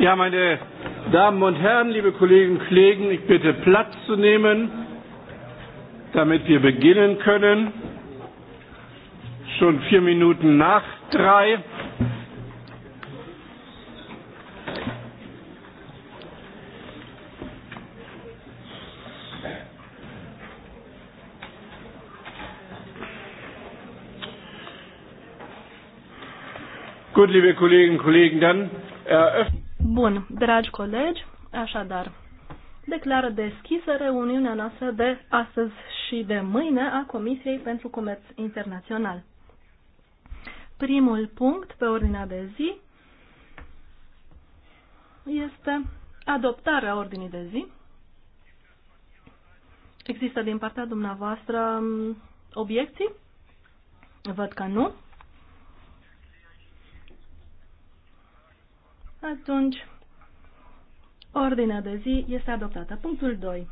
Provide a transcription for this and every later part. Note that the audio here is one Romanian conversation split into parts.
Ja, meine Damen und Herren, liebe Kolleginnen und Kollegen, ich bitte Platz zu nehmen, damit wir beginnen können. Schon vier Minuten nach drei. Gut, liebe Kolleginnen und Kollegen, dann eröffnen Bun, dragi colegi, așadar, declară deschisă reuniunea noastră de astăzi și de mâine a Comisiei pentru Comerț Internațional. Primul punct pe ordinea de zi este adoptarea ordinii de zi. Există din partea dumneavoastră mm, obiecții? Văd că nu. Atunci, ordinea de zi este adoptată. Punctul 2.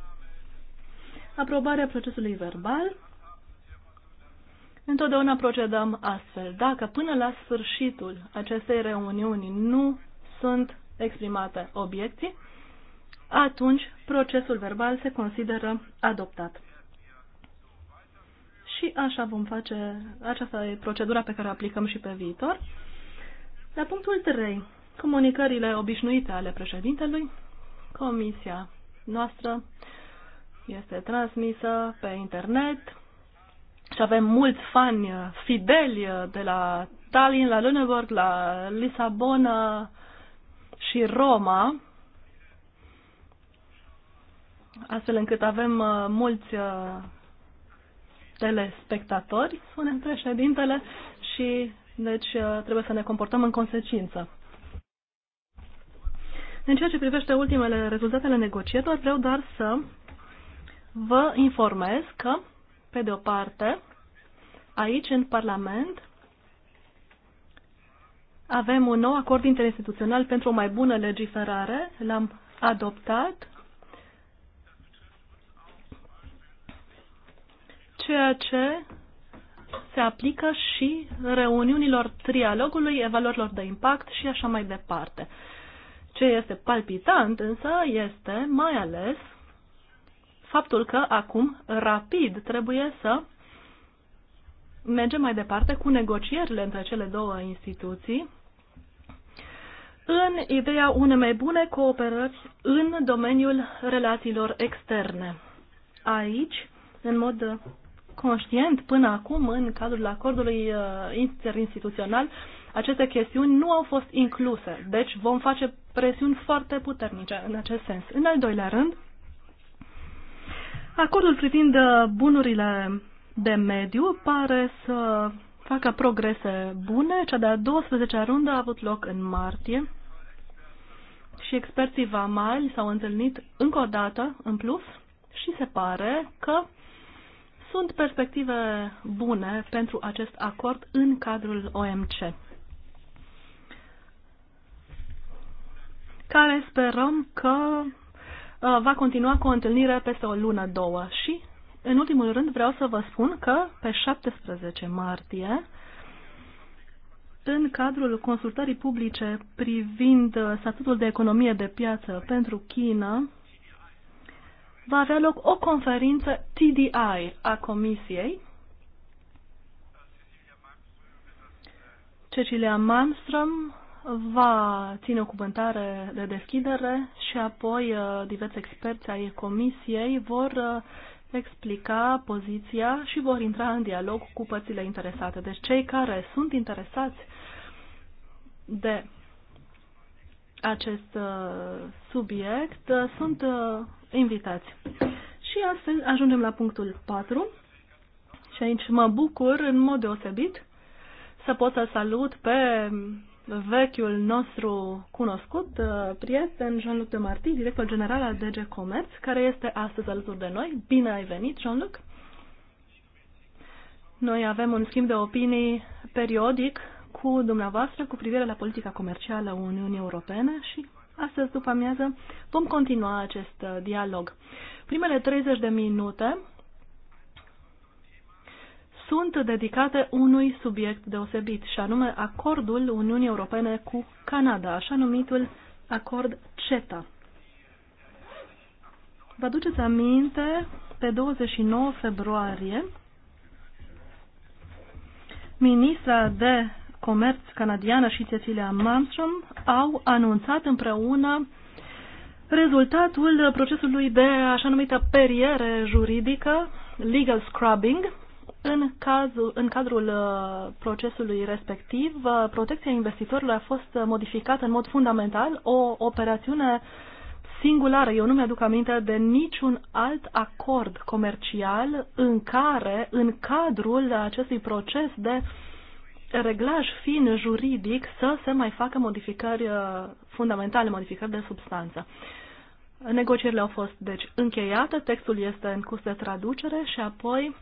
Aprobarea procesului verbal. Întotdeauna procedăm astfel. Dacă până la sfârșitul acestei reuniuni nu sunt exprimate obiecții, atunci procesul verbal se consideră adoptat. Și așa vom face, aceasta e procedura pe care o aplicăm și pe viitor. La punctul 3, comunicările obișnuite ale președintelui. Comisia noastră este transmisă pe internet și avem mulți fani fideli de la Tallinn, la Lüneburg, la Lisabona și Roma, astfel încât avem uh, mulți uh, telespectatori, spune președintele, și deci uh, trebuie să ne comportăm în consecință. În ceea ce privește ultimele rezultatele negocierilor, vreau doar să vă informez că, pe de o parte, aici, în Parlament, avem un nou acord interinstituțional pentru o mai bună legiferare. L-am adoptat ceea ce se aplică și reuniunilor trialogului, evaluărilor de impact și așa mai departe. Ce este palpitant însă este mai ales faptul că acum rapid trebuie să mergem mai departe cu negocierile între cele două instituții în ideea unei mai bune cooperări în domeniul relațiilor externe. Aici, în mod conștient, până acum, în cadrul acordului uh, interinstituțional, aceste chestiuni nu au fost incluse. Deci vom face presiuni foarte puternice în acest sens. În al doilea rând, acordul privind uh, bunurile de mediu pare să facă progrese bune. Cea de-a 12-a rundă a avut loc în martie și experții vamali s-au întâlnit încă o dată în plus și se pare că sunt perspective bune pentru acest acord în cadrul OMC. care sperăm că uh, va continua cu o întâlnire peste o lună, două. Și, în ultimul rând, vreau să vă spun că pe 17 martie, în cadrul consultării publice privind uh, statutul de economie de piață pentru China, va avea loc o conferință TDI a Comisiei. Cecilia Malmström va ține o cuvântare de deschidere și apoi uh, diversi experți ai comisiei vor uh, explica poziția și vor intra în dialog cu părțile interesate. Deci cei care sunt interesați de acest uh, subiect sunt invitați. Și astăzi ajungem la punctul 4 și aici mă bucur în mod deosebit să pot să salut pe vechiul nostru cunoscut, uh, prieten, Jean-Luc de Marti, director general al DG Comerț, care este astăzi alături de noi. Bine ai venit, Jean-Luc! Noi avem un schimb de opinii periodic cu dumneavoastră cu privire la politica comercială a Uniunii Europene și astăzi după amiază vom continua acest uh, dialog. Primele 30 de minute sunt dedicate unui subiect deosebit, și anume acordul Uniunii Europene cu Canada, așa numitul acord CETA. Vă aduceți aminte, pe 29 februarie, ministra de comerț canadiană și Cecilia Malmström au anunțat împreună rezultatul procesului de așa numită periere juridică, legal scrubbing, în, cazul, în cadrul uh, procesului respectiv, uh, protecția investitorilor a fost uh, modificată în mod fundamental, o operațiune singulară. Eu nu mi-aduc aminte de niciun alt acord comercial în care, în cadrul acestui proces de reglaj fin juridic, să se mai facă modificări fundamentale, modificări de substanță. Negocierile au fost, deci, încheiate, textul este în curs de traducere și apoi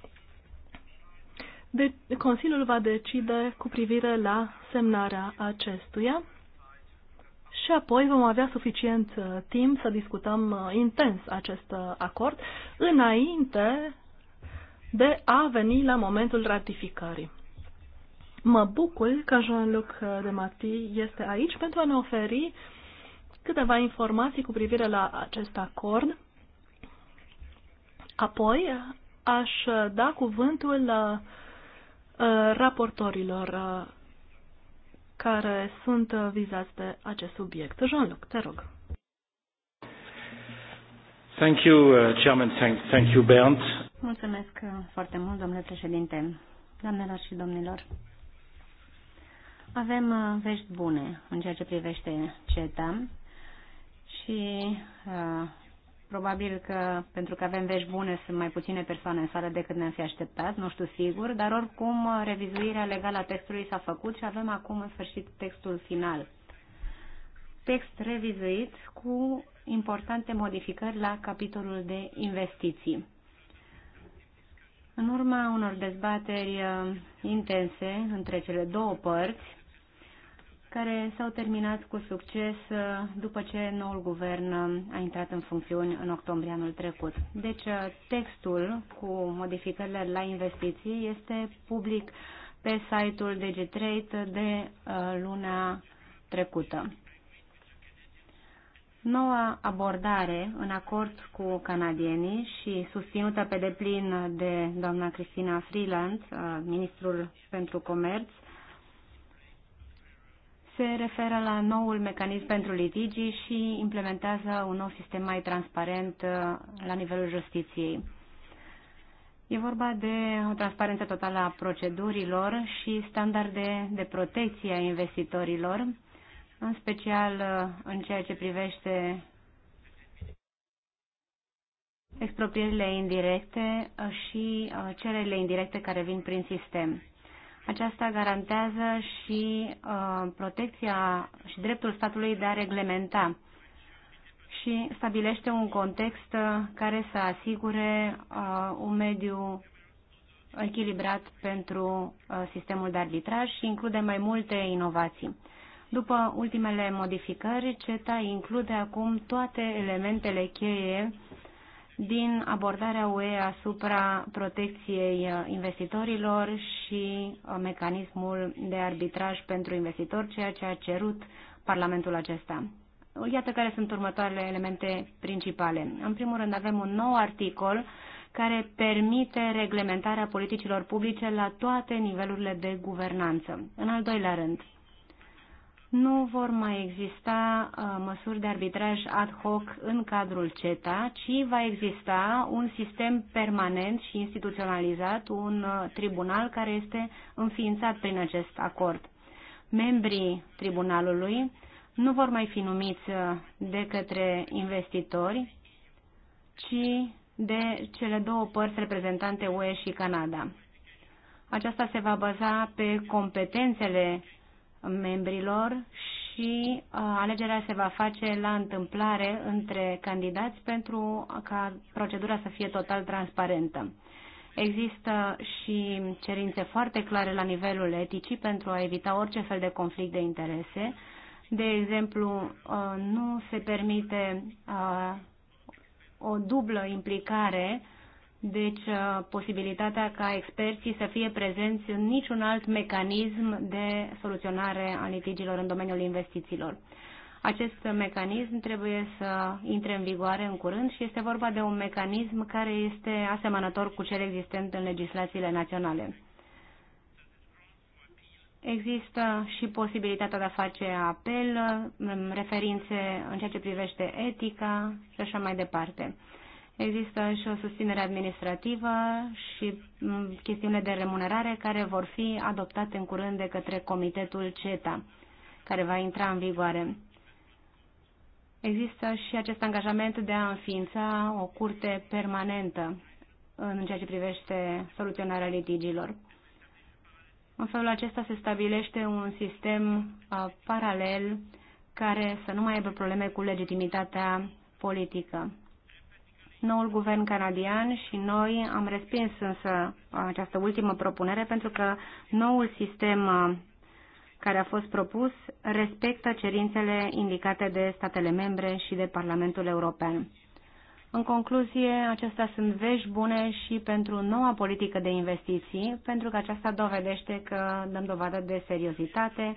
de, Consiliul va decide cu privire la semnarea acestuia și apoi vom avea suficient uh, timp să discutăm uh, intens acest uh, acord înainte de a veni la momentul ratificării. Mă bucur că Jean-Luc Mati este aici pentru a ne oferi câteva informații cu privire la acest acord. Apoi aș da cuvântul Uh, raportorilor uh, care sunt uh, vizați de acest subiect. Jean-Luc, te rog. Thank you, Chairman. Thank, thank you, Bernd. Mulțumesc foarte mult, domnule președinte, doamnelor și domnilor. Avem vești bune în ceea ce privește CETA și Probabil că, pentru că avem vești bune, sunt mai puține persoane în sală decât ne-am fi așteptat, nu știu sigur, dar oricum revizuirea legală a textului s-a făcut și avem acum în sfârșit textul final. Text revizuit cu importante modificări la capitolul de investiții. În urma unor dezbateri uh, intense între cele două părți, care s-au terminat cu succes uh, după ce noul guvern uh, a intrat în funcțiuni în octombrie anul trecut. Deci uh, textul cu modificările la investiții este public pe site-ul DigiTrade de luna trecută. Noua abordare în acord cu canadienii și susținută pe deplin de doamna Cristina Freeland, ministrul pentru comerț, se referă la noul mecanism pentru litigi și implementează un nou sistem mai transparent uh, la nivelul justiției. E vorba de o transparență totală a procedurilor și standarde de protecție a investitorilor, în special uh, în ceea ce privește exproprierile indirecte uh, și cererile indirecte care vin prin sistem. Aceasta garantează și uh, protecția și dreptul statului de a reglementa și stabilește un context care să asigure uh, un mediu echilibrat pentru uh, sistemul de arbitraj și include mai multe inovații. După ultimele modificări, CETA include acum toate elementele cheie din abordarea UE asupra protecției uh, investitorilor și uh, mecanismul de arbitraj pentru investitori, ceea ce a cerut Parlamentul acesta. Iată care sunt următoarele elemente principale. În primul rând avem un nou articol care permite reglementarea politicilor publice la toate nivelurile de guvernanță. În al doilea rând, nu vor mai exista uh, măsuri de arbitraj ad hoc în cadrul CETA, ci va exista un sistem permanent și instituționalizat, un uh, tribunal care este înființat prin acest acord. Membrii tribunalului nu vor mai fi numiți uh, de către investitori, ci de cele două părți reprezentante UE și Canada. Aceasta se va baza pe competențele membrilor și uh, alegerea se va face la întâmplare între candidați pentru ca procedura să fie total transparentă. Există și cerințe foarte clare la nivelul eticii pentru a evita orice fel de conflict de interese. De exemplu, uh, nu se permite uh, o dublă implicare deci, uh, posibilitatea ca experții să fie prezenți în niciun alt mecanism de soluționare a litigilor în domeniul investițiilor. Acest mecanism trebuie să intre în vigoare în curând și este vorba de un mecanism care este asemănător cu cel existent în legislațiile naționale. Există și posibilitatea de a face apel, um, referințe în ceea ce privește etica și așa mai departe. Există și o susținere administrativă și mm, chestiunile de remunerare care vor fi adoptate în curând de către Comitetul CETA, care va intra în vigoare. Există și acest angajament de a înființa o curte permanentă în ceea ce privește soluționarea litigilor. În felul acesta se stabilește un sistem uh, paralel care să nu mai aibă probleme cu legitimitatea politică. Noul guvern canadian și noi am respins însă această ultimă propunere pentru că noul sistem uh, care a fost propus respectă cerințele indicate de statele membre și de Parlamentul European. În concluzie, acestea sunt vești bune și pentru noua politică de investiții, pentru că aceasta dovedește că dăm dovadă de seriozitate,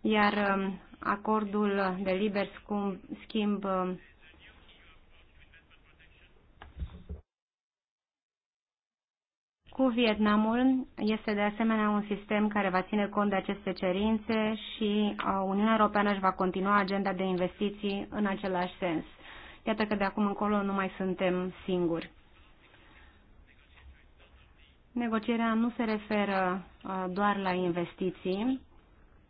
iar um, acordul de liber schimb um, Cu Vietnamul este de asemenea un sistem care va ține cont de aceste cerințe și uh, Uniunea Europeană își va continua agenda de investiții în același sens. Iată că de acum încolo nu mai suntem singuri. Negocierea nu se referă uh, doar la investiții,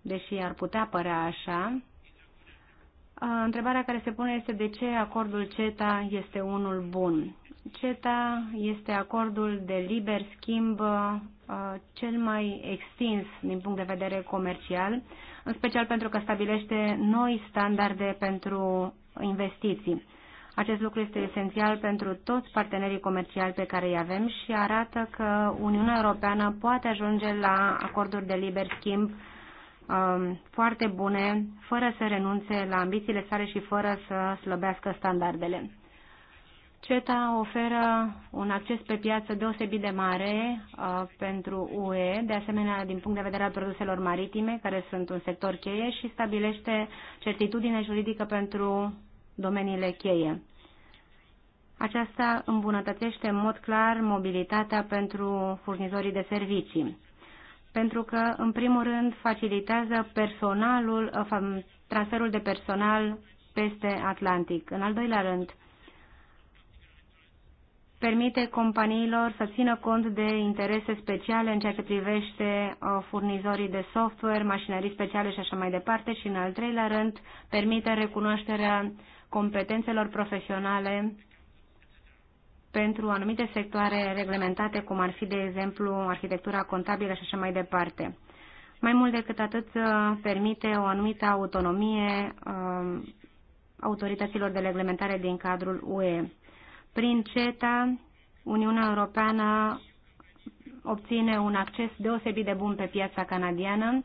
deși ar putea părea așa. Uh, întrebarea care se pune este de ce acordul CETA este unul bun. CETA este acordul de liber schimb uh, cel mai extins din punct de vedere comercial, în special pentru că stabilește noi standarde pentru investiții. Acest lucru este esențial pentru toți partenerii comerciali pe care îi avem și arată că Uniunea Europeană poate ajunge la acorduri de liber schimb um, foarte bune, fără să renunțe la ambițiile sale și fără să slăbească standardele. CETA oferă un acces pe piață deosebit de mare uh, pentru UE, de asemenea din punct de vedere al produselor maritime, care sunt un sector cheie, și stabilește certitudine juridică pentru domeniile cheie. Aceasta îmbunătățește în mod clar mobilitatea pentru furnizorii de servicii, pentru că, în primul rând, facilitează personalul, uh, transferul de personal peste Atlantic. În al doilea rând, permite companiilor să țină cont de interese speciale în ceea ce privește uh, furnizorii de software, mașinării speciale și așa mai departe și, în al treilea rând, permite recunoașterea competențelor profesionale pentru anumite sectoare reglementate, cum ar fi, de exemplu, arhitectura contabilă și așa mai departe. Mai mult decât atât, uh, permite o anumită autonomie uh, autorităților de reglementare din cadrul UE. Prin CETA, Uniunea Europeană obține un acces deosebit de bun pe piața canadiană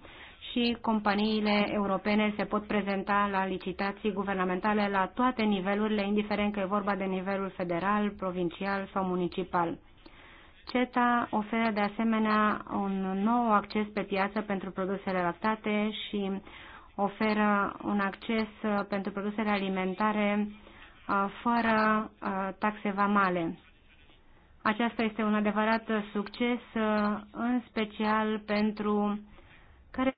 și companiile europene se pot prezenta la licitații guvernamentale la toate nivelurile, indiferent că e vorba de nivelul federal, provincial sau municipal. CETA oferă de asemenea un nou acces pe piață pentru produsele lactate și oferă un acces pentru produsele alimentare fără taxe vamale. Aceasta este un adevărat succes, în special pentru care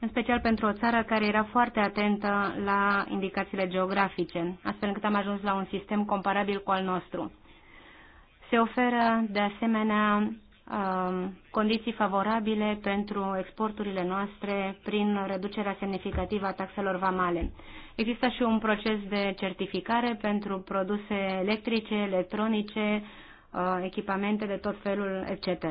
în special pentru o țară care era foarte atentă la indicațiile geografice, astfel încât am ajuns la un sistem comparabil cu al nostru. Se oferă, de asemenea, Um, condiții favorabile pentru exporturile noastre prin reducerea semnificativă a taxelor vamale. Există și un proces de certificare pentru produse electrice, electronice, uh, echipamente de tot felul, etc.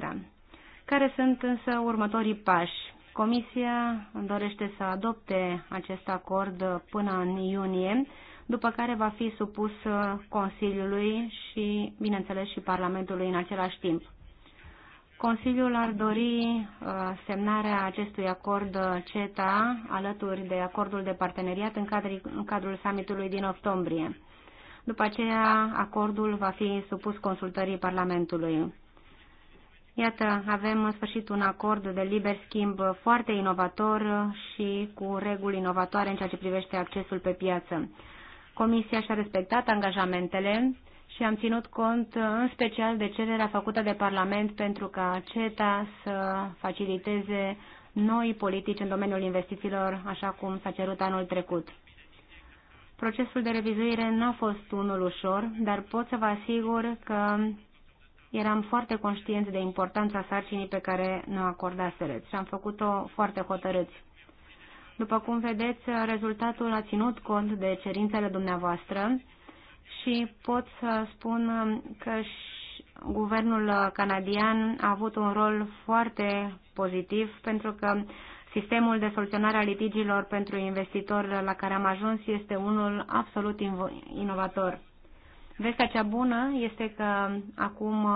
Care sunt însă următorii pași? Comisia dorește să adopte acest acord până în iunie, după care va fi supus Consiliului și, bineînțeles, și Parlamentului în același timp. Consiliul ar dori uh, semnarea acestui acord uh, CETA alături de acordul de parteneriat în, cadrul, în cadrul summitului din octombrie. După aceea, acordul va fi supus consultării Parlamentului. Iată, avem în sfârșit un acord de liber schimb foarte inovator și cu reguli inovatoare în ceea ce privește accesul pe piață. Comisia și-a respectat angajamentele și am ținut cont în special de cererea făcută de Parlament pentru ca CETA să faciliteze noi politici în domeniul investițiilor, așa cum s-a cerut anul trecut. Procesul de revizuire n-a fost unul ușor, dar pot să vă asigur că eram foarte conștienți de importanța sarcinii pe care ne-o acordaserăți și am făcut-o foarte hotărâți. După cum vedeți, rezultatul a ținut cont de cerințele dumneavoastră și pot să spun că și guvernul canadian a avut un rol foarte pozitiv pentru că Sistemul de soluționare a litigiilor pentru investitori la care am ajuns este unul absolut inovator. Vestea cea bună este că acum,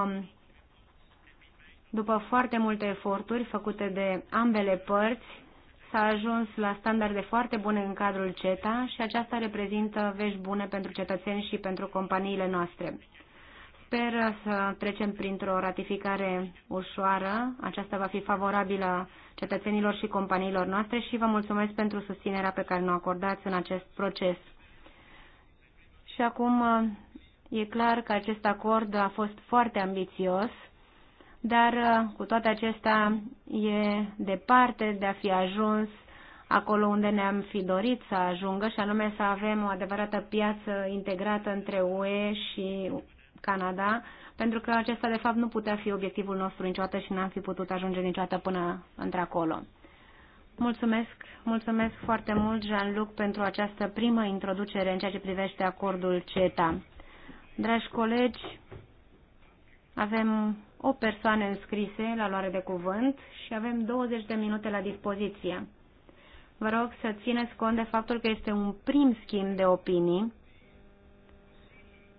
după foarte multe eforturi făcute de ambele părți, S-a ajuns la standarde foarte bune în cadrul CETA și aceasta reprezintă vești bune pentru cetățeni și pentru companiile noastre. Sper să trecem printr-o ratificare ușoară. Aceasta va fi favorabilă cetățenilor și companiilor noastre și vă mulțumesc pentru susținerea pe care ne-o acordați în acest proces. Și acum e clar că acest acord a fost foarte ambițios dar uh, cu toate acestea e departe de a fi ajuns acolo unde ne-am fi dorit să ajungă și anume să avem o adevărată piață integrată între UE și Canada, pentru că acesta de fapt nu putea fi obiectivul nostru niciodată și n-am fi putut ajunge niciodată până într-acolo. Mulțumesc, mulțumesc foarte mult, Jean-Luc, pentru această primă introducere în ceea ce privește acordul CETA. Dragi colegi, avem o persoană înscrise la luare de cuvânt și avem 20 de minute la dispoziție. Vă rog să țineți cont de faptul că este un prim schimb de opinii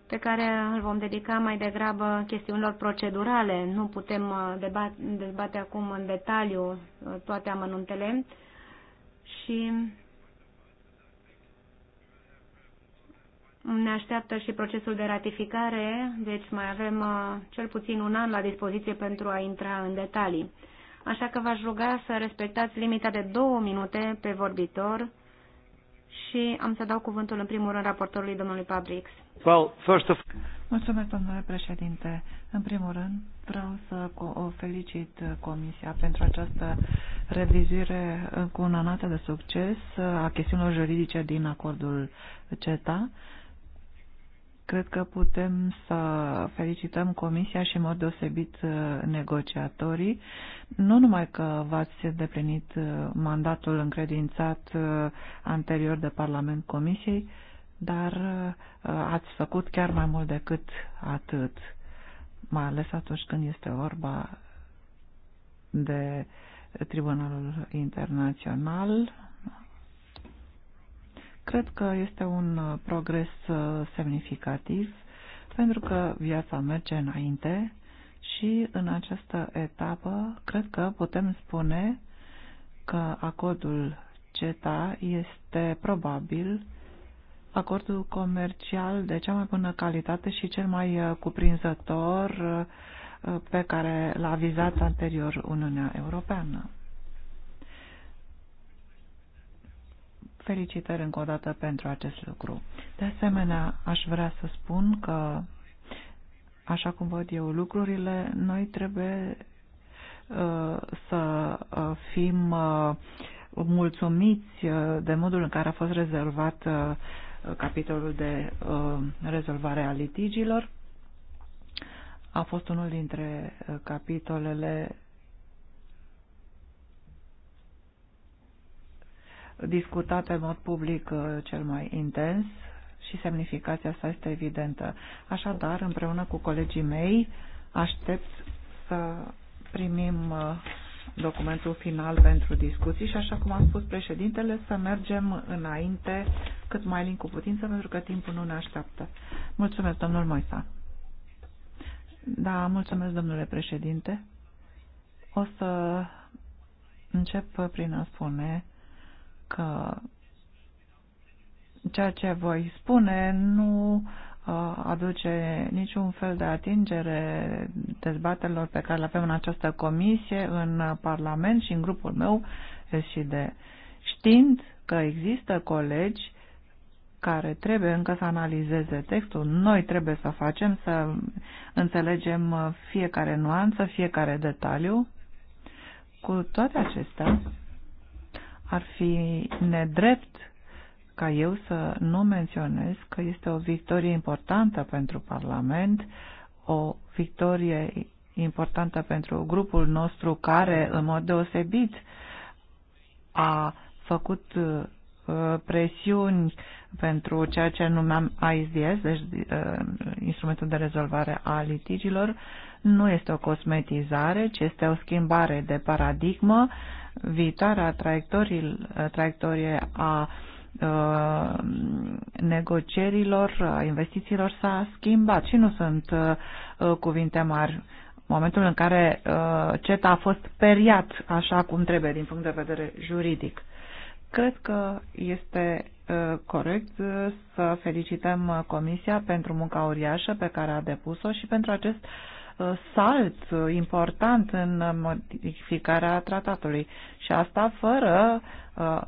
pe care îl vom dedica mai degrabă chestiunilor procedurale. Nu putem uh, dezbate acum în detaliu uh, toate amănuntele și Ne așteaptă și procesul de ratificare, deci mai avem uh, cel puțin un an la dispoziție pentru a intra în detalii. Așa că v-aș ruga să respectați limita de două minute pe vorbitor și am să dau cuvântul în primul rând raportorului domnului Pabrix. Well, first of... Mulțumesc, domnule președinte. În primul rând, vreau să o felicit Comisia pentru această revizuire cu un anată de succes a chestiunilor juridice din acordul CETA Cred că putem să felicităm Comisia și, în mod deosebit, negociatorii. Nu numai că v-ați deplinit uh, mandatul încredințat uh, anterior de Parlament Comisiei, dar uh, ați făcut chiar mai mult decât atât, mai ales atunci când este vorba de Tribunalul Internațional, Cred că este un uh, progres uh, semnificativ pentru că viața merge înainte și în această etapă cred că putem spune că acordul CETA este probabil acordul comercial de cea mai bună calitate și cel mai uh, cuprinzător pe care l-a vizat anterior Uniunea Europeană. Felicitări încă o dată pentru acest lucru. De asemenea, aș vrea să spun că, așa cum văd eu lucrurile, noi trebuie uh, să uh, fim uh, mulțumiți de modul în care a fost rezervat capitolul de rezolvare a litigilor. A fost unul dintre capitolele discutat în mod public uh, cel mai intens și semnificația sa este evidentă. Așadar, împreună cu colegii mei, aștept să primim uh, documentul final pentru discuții și, așa cum a spus președintele, să mergem înainte cât mai lin cu putință, pentru că timpul nu ne așteaptă. Mulțumesc, domnul Moisa. Da, mulțumesc, domnule președinte. O să încep prin a spune că ceea ce voi spune nu uh, aduce niciun fel de atingere dezbatelor pe care le avem în această comisie, în Parlament și în grupul meu și de știind că există colegi care trebuie încă să analizeze textul, noi trebuie să facem, să înțelegem fiecare nuanță, fiecare detaliu. Cu toate acestea, ar fi nedrept ca eu să nu menționez că este o victorie importantă pentru Parlament, o victorie importantă pentru grupul nostru care, în mod deosebit, a făcut uh, presiuni pentru ceea ce numeam ISDS, deci uh, instrumentul de rezolvare a litigilor, nu este o cosmetizare, ci este o schimbare de paradigmă viitoarea traiectorie a negocierilor, a investițiilor s-a schimbat și nu sunt cuvinte mari. Momentul în care CETA a fost periat așa cum trebuie din punct de vedere juridic. Cred că este corect să felicităm Comisia pentru munca uriașă pe care a depus-o și pentru acest uh, salt important în modificarea tratatului și asta fără uh,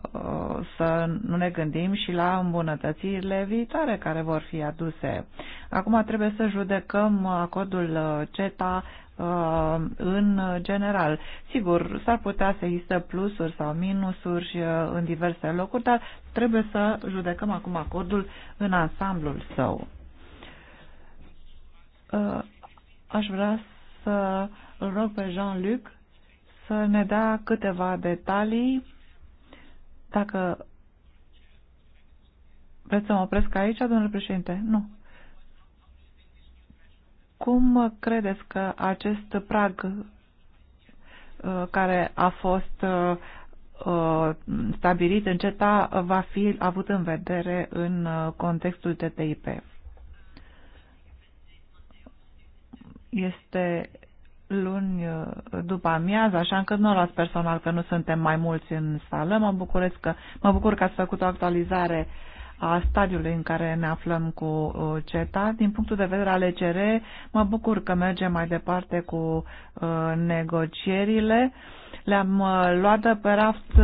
să nu ne gândim și la îmbunătățirile viitoare care vor fi aduse. Acum trebuie să judecăm acordul uh, CETA uh, în general. Sigur, s-ar putea să există plusuri sau minusuri în diverse locuri, dar trebuie să judecăm acum acordul în ansamblul său Aș vrea să îl rog pe Jean-Luc să ne dea câteva detalii. Dacă vreți să mă opresc aici, domnule președinte? Nu. Cum credeți că acest prag uh, care a fost uh, uh, stabilit în CETA va fi avut în vedere în contextul TTIP? Este luni uh, după amiază, așa încât nu o las personal că nu suntem mai mulți în sală. Mă, că, mă bucur că ați făcut o actualizare a stadiului în care ne aflăm cu uh, CETA. Din punctul de vedere al ECR, mă bucur că mergem mai departe cu uh, negocierile. Le-am luat de pe raft,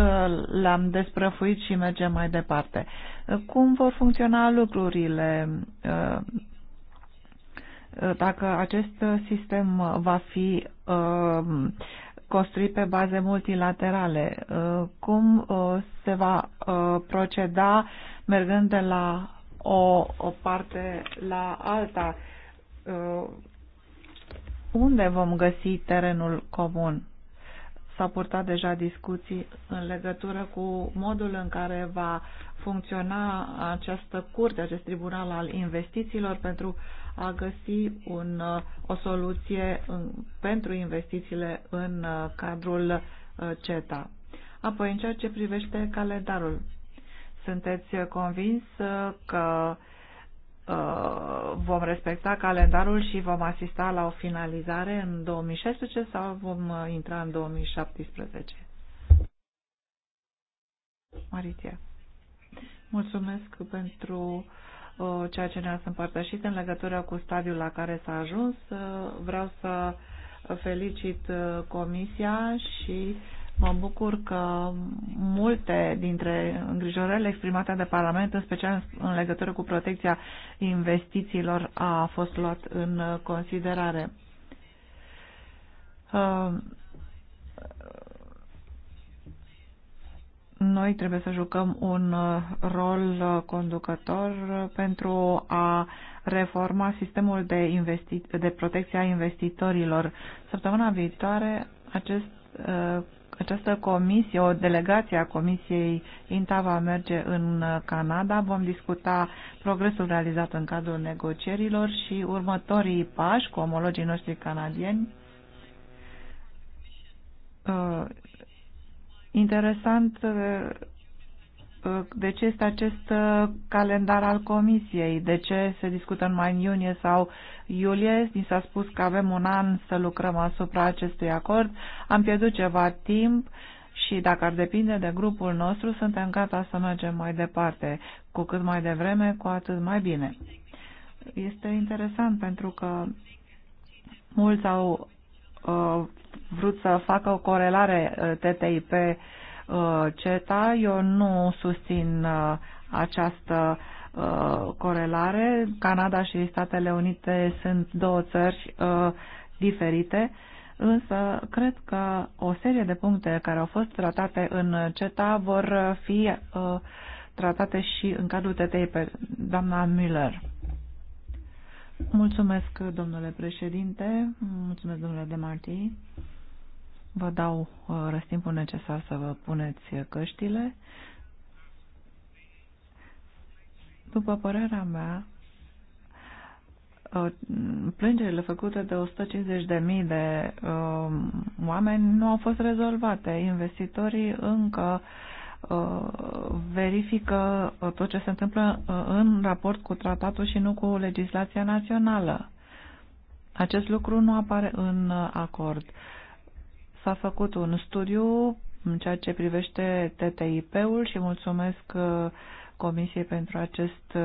le-am desprăfuit și mergem mai departe. Cum vor funcționa lucrurile? Dacă acest sistem va fi uh, construit pe baze multilaterale, uh, cum uh, se va proceda mergând de la o, o parte la alta? Unde vom găsi terenul comun? s-au purtat deja discuții în legătură cu modul în care va funcționa această curte, acest tribunal al investițiilor pentru a găsi un, uh, o soluție în, pentru investițiile în uh, cadrul uh, CETA. Apoi, în ceea ce privește calendarul, sunteți convins că vom respecta calendarul și vom asista la o finalizare în 2016 sau vom intra în 2017? Maritia. Mulțumesc pentru ceea ce ne-ați împărtășit în legătură cu stadiul la care s-a ajuns. Vreau să felicit Comisia și mă bucur că multe dintre îngrijorările exprimate de Parlament, în special în legătură cu protecția investițiilor, a fost luat în considerare noi trebuie să jucăm un uh, rol uh, conducător uh, pentru a reforma sistemul de, investi- de protecție a investitorilor. Săptămâna viitoare acest, această comisie, o delegație a Comisiei INTA va merge în Canada. Vom discuta progresul realizat în cadrul negocierilor și următorii pași cu omologii noștri canadieni Interesant de ce este acest calendar al Comisiei, de ce se discută numai în iunie sau iulie. Ni s-a spus că avem un an să lucrăm asupra acestui acord. Am pierdut ceva timp și dacă ar depinde de grupul nostru, suntem gata să mergem mai departe. Cu cât mai devreme, cu atât mai bine. Este interesant pentru că mulți au uh, vrut să facă o corelare uh, TTIP-CETA. Uh, Eu nu susțin uh, această corelare. Canada și Statele Unite sunt două țări diferite, însă cred că o serie de puncte care au fost tratate în CETA vor fi tratate și în cadrul TTIP. Doamna Müller. Mulțumesc, domnule președinte. Mulțumesc, domnule Demarti. Vă dau uh, răstimpul necesar să vă puneți căștile. După părerea mea, uh, plângerile făcute de 150.000 de uh, oameni nu au fost rezolvate. Investitorii încă uh, Uh, verifică uh, tot ce se întâmplă uh, în raport cu tratatul și nu cu legislația națională. Acest lucru nu apare în acord. S-a făcut un studiu în ceea ce privește TTIP-ul și mulțumesc Comisiei pentru acest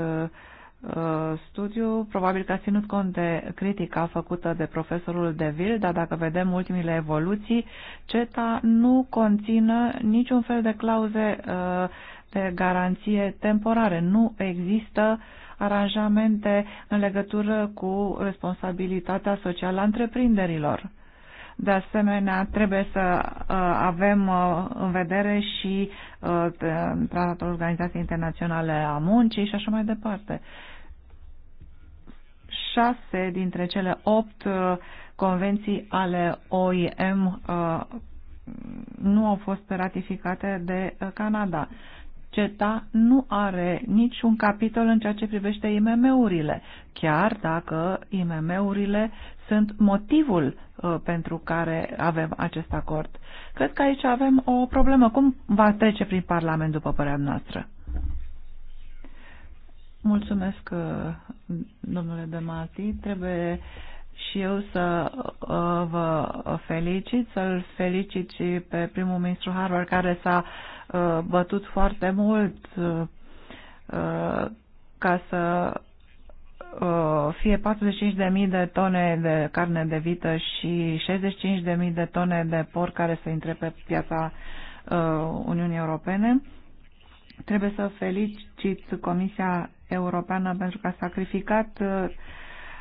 Uh, studiu probabil că a ținut cont de critica făcută de profesorul Deville, dar dacă vedem ultimile evoluții, CETA nu conține niciun fel de clauze uh, de garanție temporare. Nu există aranjamente în legătură cu responsabilitatea socială a întreprinderilor. De asemenea, trebuie să uh, avem în vedere și Tratatul Organizației Internaționale a Muncii și așa mai departe șase dintre cele opt uh, convenții ale OIM uh, nu au fost ratificate de uh, Canada. CETA nu are niciun capitol în ceea ce privește IMM-urile, chiar dacă IMM-urile sunt motivul uh, pentru care avem acest acord. Cred că aici avem o problemă. Cum va trece prin Parlament, după părerea noastră? Mulțumesc, uh, domnule Demati. Trebuie și eu să uh, vă felicit, să-l felicit și pe primul ministru Harvard care s-a uh, bătut foarte mult ca să fie 45.000 de tone de carne de vită și 65.000 de tone de porc care să intre pe piața Uniunii Europene. Trebuie să felicit Comisia Europeană pentru că a sacrificat uh,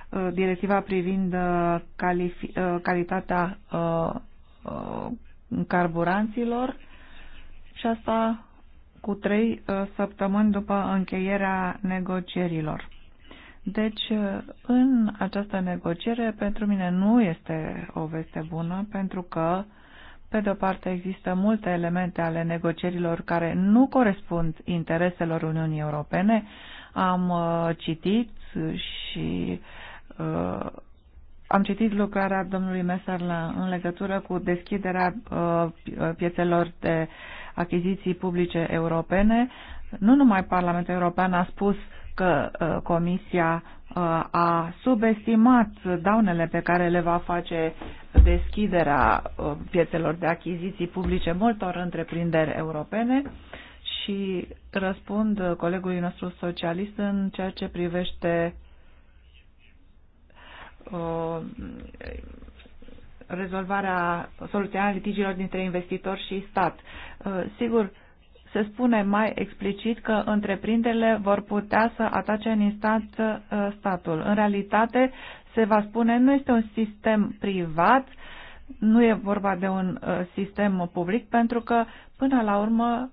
uh, directiva privind uh, calitatea carburanților și asta cu trei săptămâni după încheierea negocierilor. Deci, în această negociere, pentru mine nu este o veste bună, pentru că, pe de-o parte, există multe elemente ale negocierilor care nu corespund intereselor Uniunii Europene, am uh, citit și uh, am citit lucrarea domnului Messer în legătură cu deschiderea uh, piețelor de achiziții publice europene. Nu numai Parlamentul European a spus că Comisia a subestimat daunele pe care le va face deschiderea piețelor de achiziții publice multor întreprinderi europene, și răspund colegului nostru socialist în ceea ce privește uh, rezolvarea, soluționarea litigiilor dintre investitor și stat. Uh, sigur, se spune mai explicit că întreprinderile vor putea să atace în instanță uh, statul. În realitate, se va spune, nu este un sistem privat, nu e vorba de un sistem public, pentru că, până la urmă,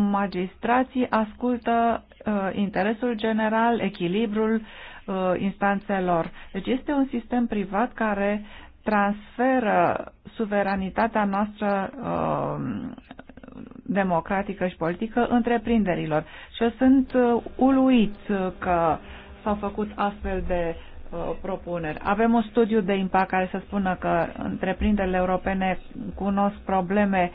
magistrații ascultă uh, interesul general, echilibrul uh, instanțelor. Deci este un sistem privat care transferă suveranitatea noastră uh, democratică și politică întreprinderilor. Și eu sunt uh, uluit uh, că s-au făcut astfel de Uh, propuneri. Avem un studiu de impact care să spună că întreprinderile europene cunosc probleme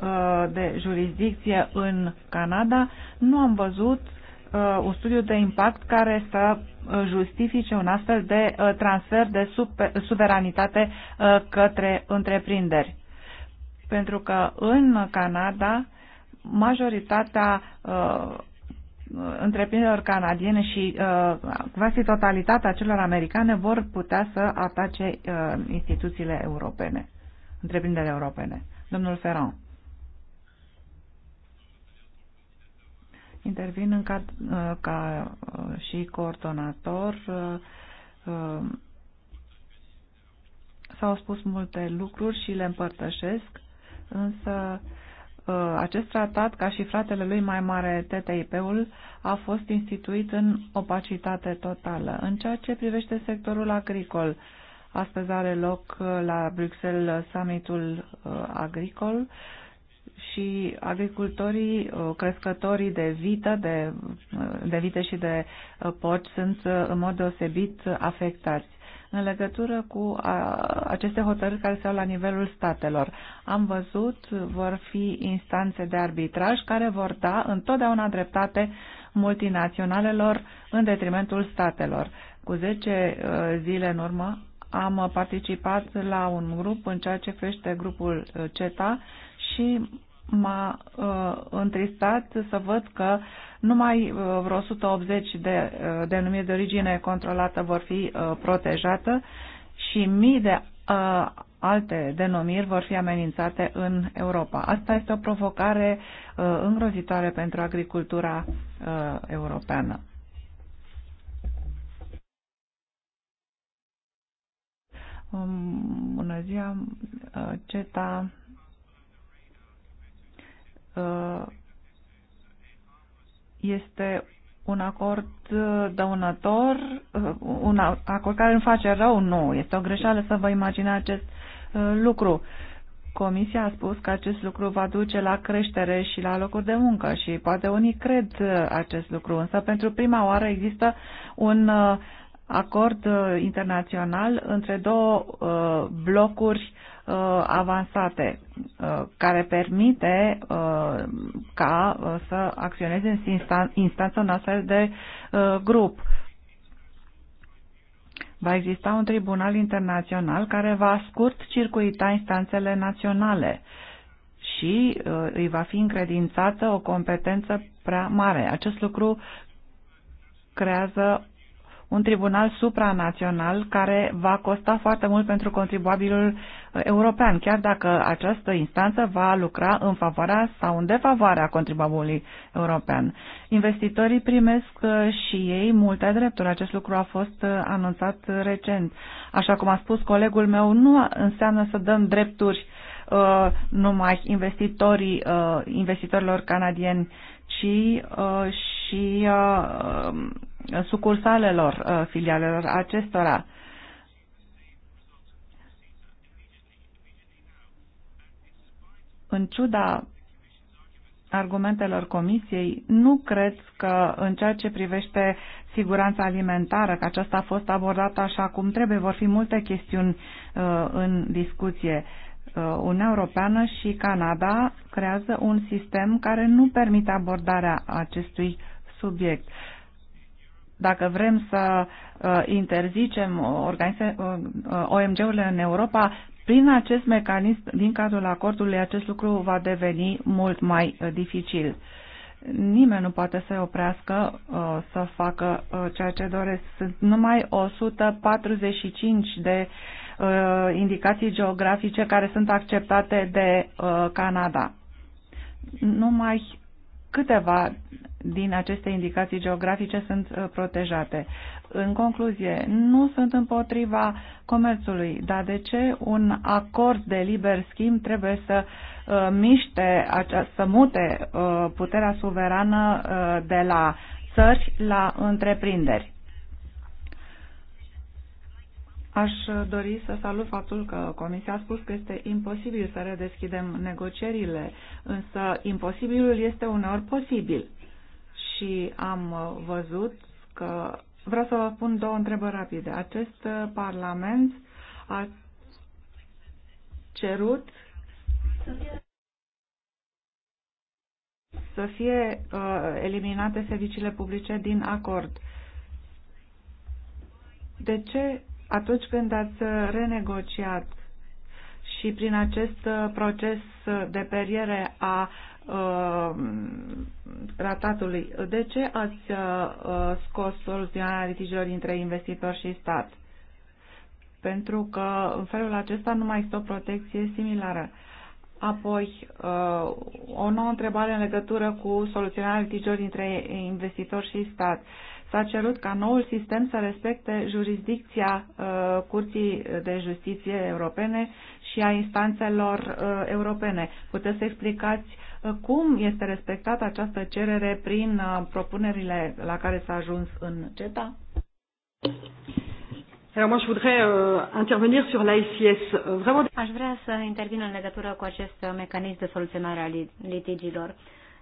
uh, de jurisdicție în Canada. Nu am văzut uh, un studiu de impact care să justifice un astfel de transfer de suveranitate către întreprinderi. Pentru că în Canada majoritatea întreprinderilor canadiene și uh, quasi totalitatea celor americane vor putea să atace uh, instituțiile europene, întreprinderile europene. Domnul Ferrand. Intervin în ca, uh, ca uh, și coordonator. Uh, uh, S-au spus multe lucruri și le împărtășesc, însă Ă, acest tratat, ca și fratele lui mai mare TTIP-ul, a fost instituit în opacitate totală. În ceea ce privește sectorul agricol, astăzi are loc ă, la Bruxelles summitul ă, agricol și agricultorii, crescătorii de vită, de, de vite și de porci sunt în mod deosebit afectați în legătură cu aceste hotărâri care se au la nivelul statelor. Am văzut, vor fi instanțe de arbitraj care vor da întotdeauna dreptate multinaționalelor în detrimentul statelor. Cu 10 uh, zile în urmă am participat la un grup în ceea ce crește grupul uh, CETA și m-a uh, întristat să văd că numai uh, vreo 180 de uh, denumiri de origine controlată vor fi uh, protejată și mii de uh, alte denumiri vor fi amenințate în Europa. Asta este o provocare uh, îngrozitoare pentru agricultura uh, europeană. Um, bună ziua, uh, CETA Uh, este un acord uh, dăunător, uh, un acord care îmi face rău, nu. Este o greșeală să vă imagine acest lucru. Comisia a spus că acest lucru va duce la creștere și la locuri de muncă și poate unii cred acest lucru, însă pentru prima oară există un acord internațional între două blocuri Uh, avansate uh, care permite uh, ca să acționeze în instan instanță un astfel de grup. Va exista un tribunal internațional care va scurt circuita instanțele naționale și îi va fi încredințată o competență prea mare. Acest lucru creează un tribunal supranațional care va costa foarte mult pentru contribuabilul uh, european, chiar dacă această instanță va lucra în favoarea sau în defavoarea contribuabilului european. Investitorii primesc uh, și ei multe drepturi. Acest lucru a fost uh, anunțat recent. Așa cum a spus colegul meu, nu înseamnă să dăm drepturi uh, numai investitorii, uh, investitorilor canadieni, ci uh, și uh, sucursalelor, uh, filialelor acestora. În ciuda argumentelor comisiei, nu cred că în ceea ce privește siguranța alimentară, că aceasta a fost abordată așa cum trebuie, vor fi multe chestiuni uh, în discuție. Uh, Uniunea Europeană și Canada creează un sistem care nu permite abordarea acestui subiect dacă vrem să uh, interzicem OMG-urile uh, uh, în Europa, prin acest mecanism, din cadrul acordului, acest lucru va deveni mult mai dificil. Nimeni nu poate să oprească să facă ceea ce doresc. Sunt numai 145 de indicații geografice care sunt acceptate de Canada. Numai câteva din aceste indicații geografice sunt uh, protejate. În concluzie, nu sunt împotriva comerțului, dar de ce un acord de liber schimb trebuie să uh, miște, să mute uh, puterea suverană de la țări la întreprinderi? Aș dori să salut faptul că Comisia a spus că este imposibil să redeschidem negocierile, însă imposibilul este uneori posibil și am uh, văzut că vreau să vă pun două întrebări rapide. Acest uh, Parlament a cerut să fie uh, eliminate serviciile publice din acord. De ce atunci când ați uh, renegociat și prin acest proces de periere a tratatului. Uh, de ce ați uh, uh, scos soluționarea litigilor dintre investitor și stat? Pentru că în felul acesta nu mai există o protecție similară. Apoi, o nouă întrebare în legătură cu soluționarea litigiilor dintre investitor și stat. S-a cerut ca noul sistem să respecte jurisdicția Curții de Justiție Europene și a instanțelor europene. Puteți să explicați Uh, cum este respectată această cerere prin uh, propunerile la care s-a ajuns în CETA? Alors moi je voudrais euh, intervenir sur l'ASIS. Euh, vraiment... Aș vrea să intervin în legătură cu acest uh, mecanism de soluționare a litigilor.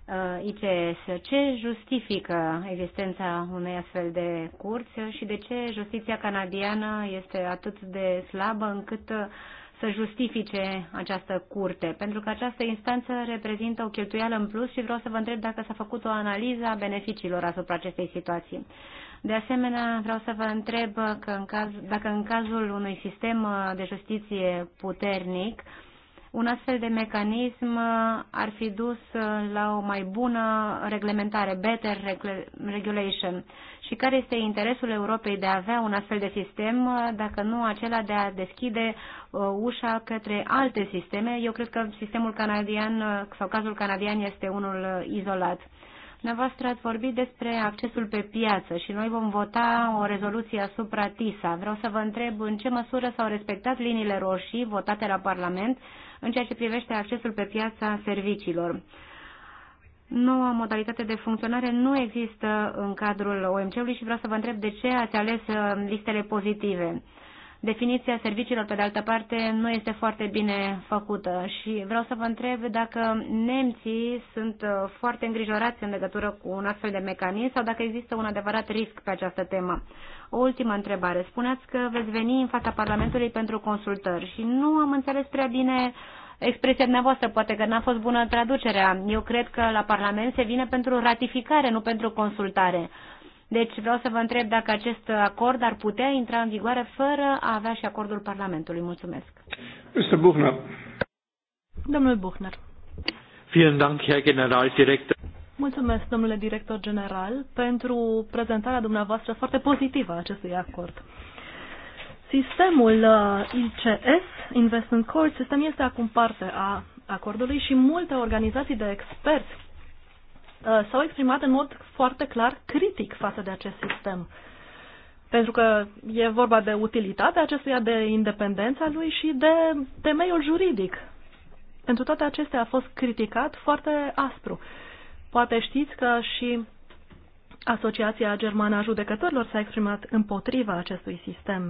Uh, ICS, ce justifică existența unei astfel de curți și de ce justiția canadiană este atât de slabă încât uh, să justifice această curte, pentru că această instanță reprezintă o cheltuială în plus și vreau să vă întreb dacă s-a făcut o analiză a beneficiilor asupra acestei situații. De asemenea, vreau să vă întreb că în caz, dacă în cazul unui sistem de justiție puternic, uh, un astfel de mecanism uh, ar fi dus uh, la o mai bună reglementare, better regulation. Și care este interesul Europei de a avea un astfel de sistem, uh, dacă nu acela de a deschide ușa către alte sisteme? Eu cred că sistemul canadian sau cazul canadian este unul izolat. Dumneavoastră ați vorbit despre accesul pe piață și noi vom vota o rezoluție asupra TISA. Vreau să vă întreb în ce măsură s-au respectat liniile roșii votate la Parlament în ceea ce privește accesul pe piața serviciilor. Noua modalitate de funcționare nu există în cadrul OMC-ului și vreau să vă întreb de ce ați ales uh, listele pozitive. Definiția serviciilor, pe de altă parte, nu este foarte bine făcută și vreau să vă întreb dacă nemții sunt uh, foarte îngrijorați în legătură cu un astfel de mecanism sau dacă există un adevărat risc pe această temă. O ultimă întrebare. Spuneați că veți veni în fața Parlamentului pentru consultări și nu am înțeles prea bine expresia dumneavoastră, poate că n-a fost bună traducerea. Eu cred că la Parlament se vine pentru ratificare, nu pentru consultare. Deci vreau să vă întreb dacă acest acord ar putea intra în vigoare fără a avea și acordul Parlamentului. Mulțumesc. Mr. Buchner. Domnul Buchner. Vielen Dank, Herr Generaldirektor. Mulțumesc, domnule director general, pentru prezentarea dumneavoastră foarte pozitivă a acestui acord. Sistemul uh, ICS, Investment Court System, este acum parte a acordului și multe organizații de experți uh, s-au exprimat în mod foarte clar critic față de acest sistem. Pentru că e vorba de utilitatea acestuia, de independența lui și de temeiul juridic. Pentru toate acestea a fost criticat foarte aspru. Uh, Poate știți că și Asociația Germană a Judecătorilor s-a exprimat împotriva acestui sistem.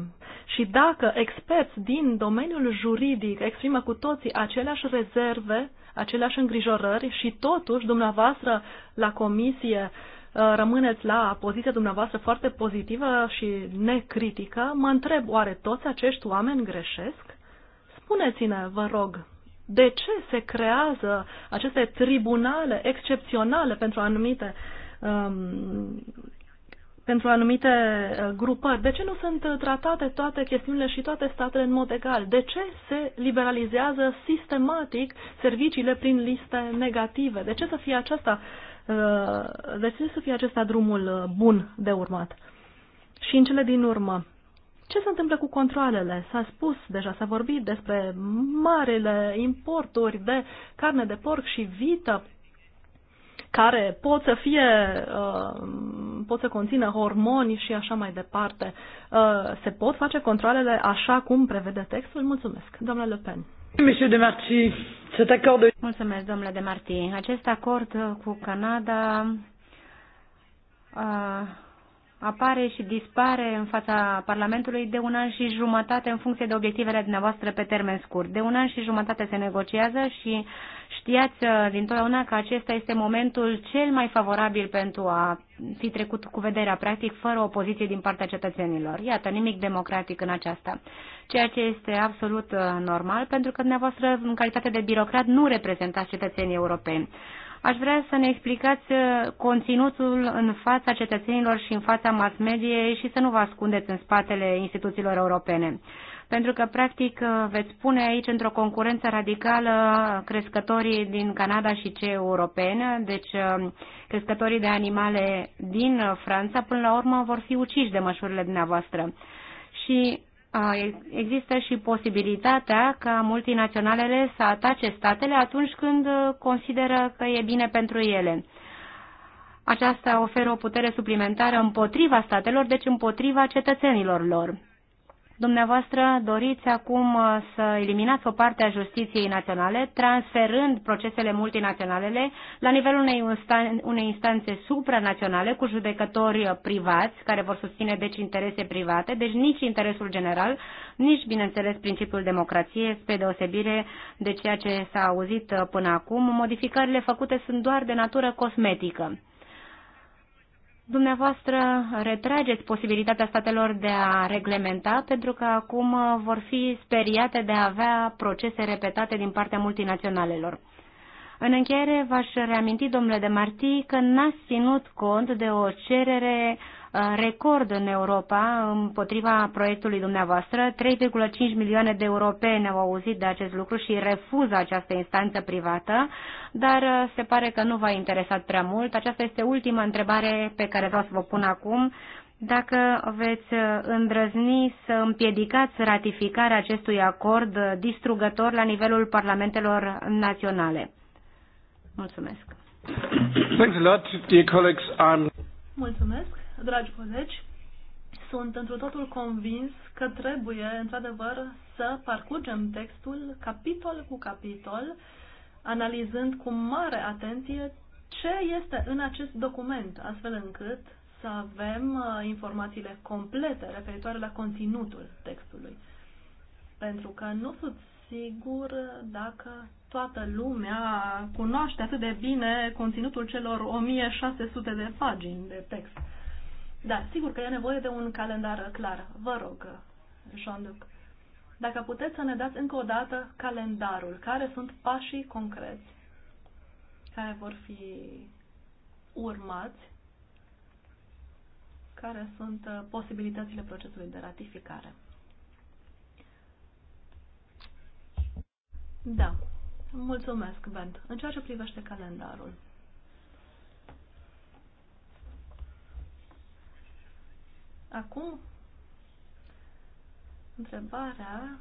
Și dacă experți din domeniul juridic exprimă cu toții aceleași rezerve, aceleași îngrijorări și totuși dumneavoastră la comisie uh, rămâneți la poziția dumneavoastră foarte pozitivă și necritică, mă întreb oare toți acești oameni greșesc? Spuneți-ne, vă rog, de ce se creează aceste tribunale excepționale pentru anumite um, pentru anumite uh, grupări? De ce nu sunt tratate toate chestiunile și toate statele în mod egal? De ce se liberalizează sistematic serviciile prin liste negative? De ce să fie aceasta, uh, de ce să fie acesta drumul uh, bun de urmat? Și în cele din urmă, ce se întâmplă cu controlele? S-a spus deja, s-a vorbit despre marile importuri de carne de porc și vită care pot să fie, uh, pot să conțină hormoni și așa mai departe. Uh, se pot face controlele așa cum prevede textul? Mulțumesc, doamna Le Pen. Monsieur de Marti, cet acord de... Mulțumesc, domnule de Marti. Acest acord cu Canada uh, apare și dispare în fața Parlamentului de un an și jumătate în funcție de obiectivele dumneavoastră pe termen scurt. De un an și jumătate se negociază și știați uh, dintotdeauna că acesta este momentul cel mai favorabil pentru a fi trecut cu vederea, practic, fără opoziție din partea cetățenilor. Iată, nimic democratic în aceasta. Ceea ce este absolut uh, normal, pentru că dumneavoastră, în calitate de birocrat, nu reprezentați cetățenii europeni. Aș vrea să ne explicați uh, conținutul în fața cetățenilor și în fața mass media și să nu vă ascundeți în spatele instituțiilor europene. Pentru că, practic, uh, veți pune aici într-o concurență radicală crescătorii din Canada și cei europeni, deci uh, crescătorii de animale din Franța, până la urmă vor fi uciși de măsurile dumneavoastră. Și există și posibilitatea ca multinaționalele să atace statele atunci când uh, consideră că e bine pentru ele. Aceasta oferă o putere suplimentară împotriva statelor, deci împotriva cetățenilor lor. Dumneavoastră doriți acum uh, să eliminați o parte a justiției naționale, transferând procesele multinaționalele la nivelul unei, instan- unei instanțe supranaționale cu judecători uh, privați care vor susține deci interese private, deci nici interesul general, nici bineînțeles principiul democrației, spre deosebire de ceea ce s-a auzit uh, până acum. Modificările făcute sunt doar de natură cosmetică. Dumneavoastră retrageți posibilitatea statelor de a reglementa pentru că acum uh, vor fi speriate de a avea procese repetate din partea multinaționalelor. În încheiere v-aș reaminti, domnule de Marti, că n-ați ținut cont de o cerere uh, record în Europa împotriva proiectului dumneavoastră. 3,5 milioane de europeni au auzit de acest lucru și refuză această instanță privată, dar uh, se pare că nu v-a interesat prea mult. Aceasta este ultima întrebare pe care vreau să vă pun acum. Dacă veți uh, îndrăzni să împiedicați ratificarea acestui acord uh, distrugător la nivelul parlamentelor naționale. Mulțumesc. Thanks a lot, dear colleagues. I'm... Mulțumesc dragi colegi, sunt într totul convins că trebuie, într-adevăr, să parcurgem textul capitol cu capitol, analizând cu mare atenție ce este în acest document, astfel încât să avem uh, informațiile complete referitoare la conținutul textului. Pentru că nu sunt sigur dacă toată lumea cunoaște atât de bine conținutul celor 1600 de pagini de text. Da, sigur că e nevoie de un calendar clar. Vă rog, Jean-Luc, dacă puteți să ne dați încă o dată calendarul, care sunt pașii concreți care vor fi urmați, care sunt uh, posibilitățile procesului de ratificare. Da, mulțumesc, Bent. În ceea ce privește calendarul, Acum, întrebarea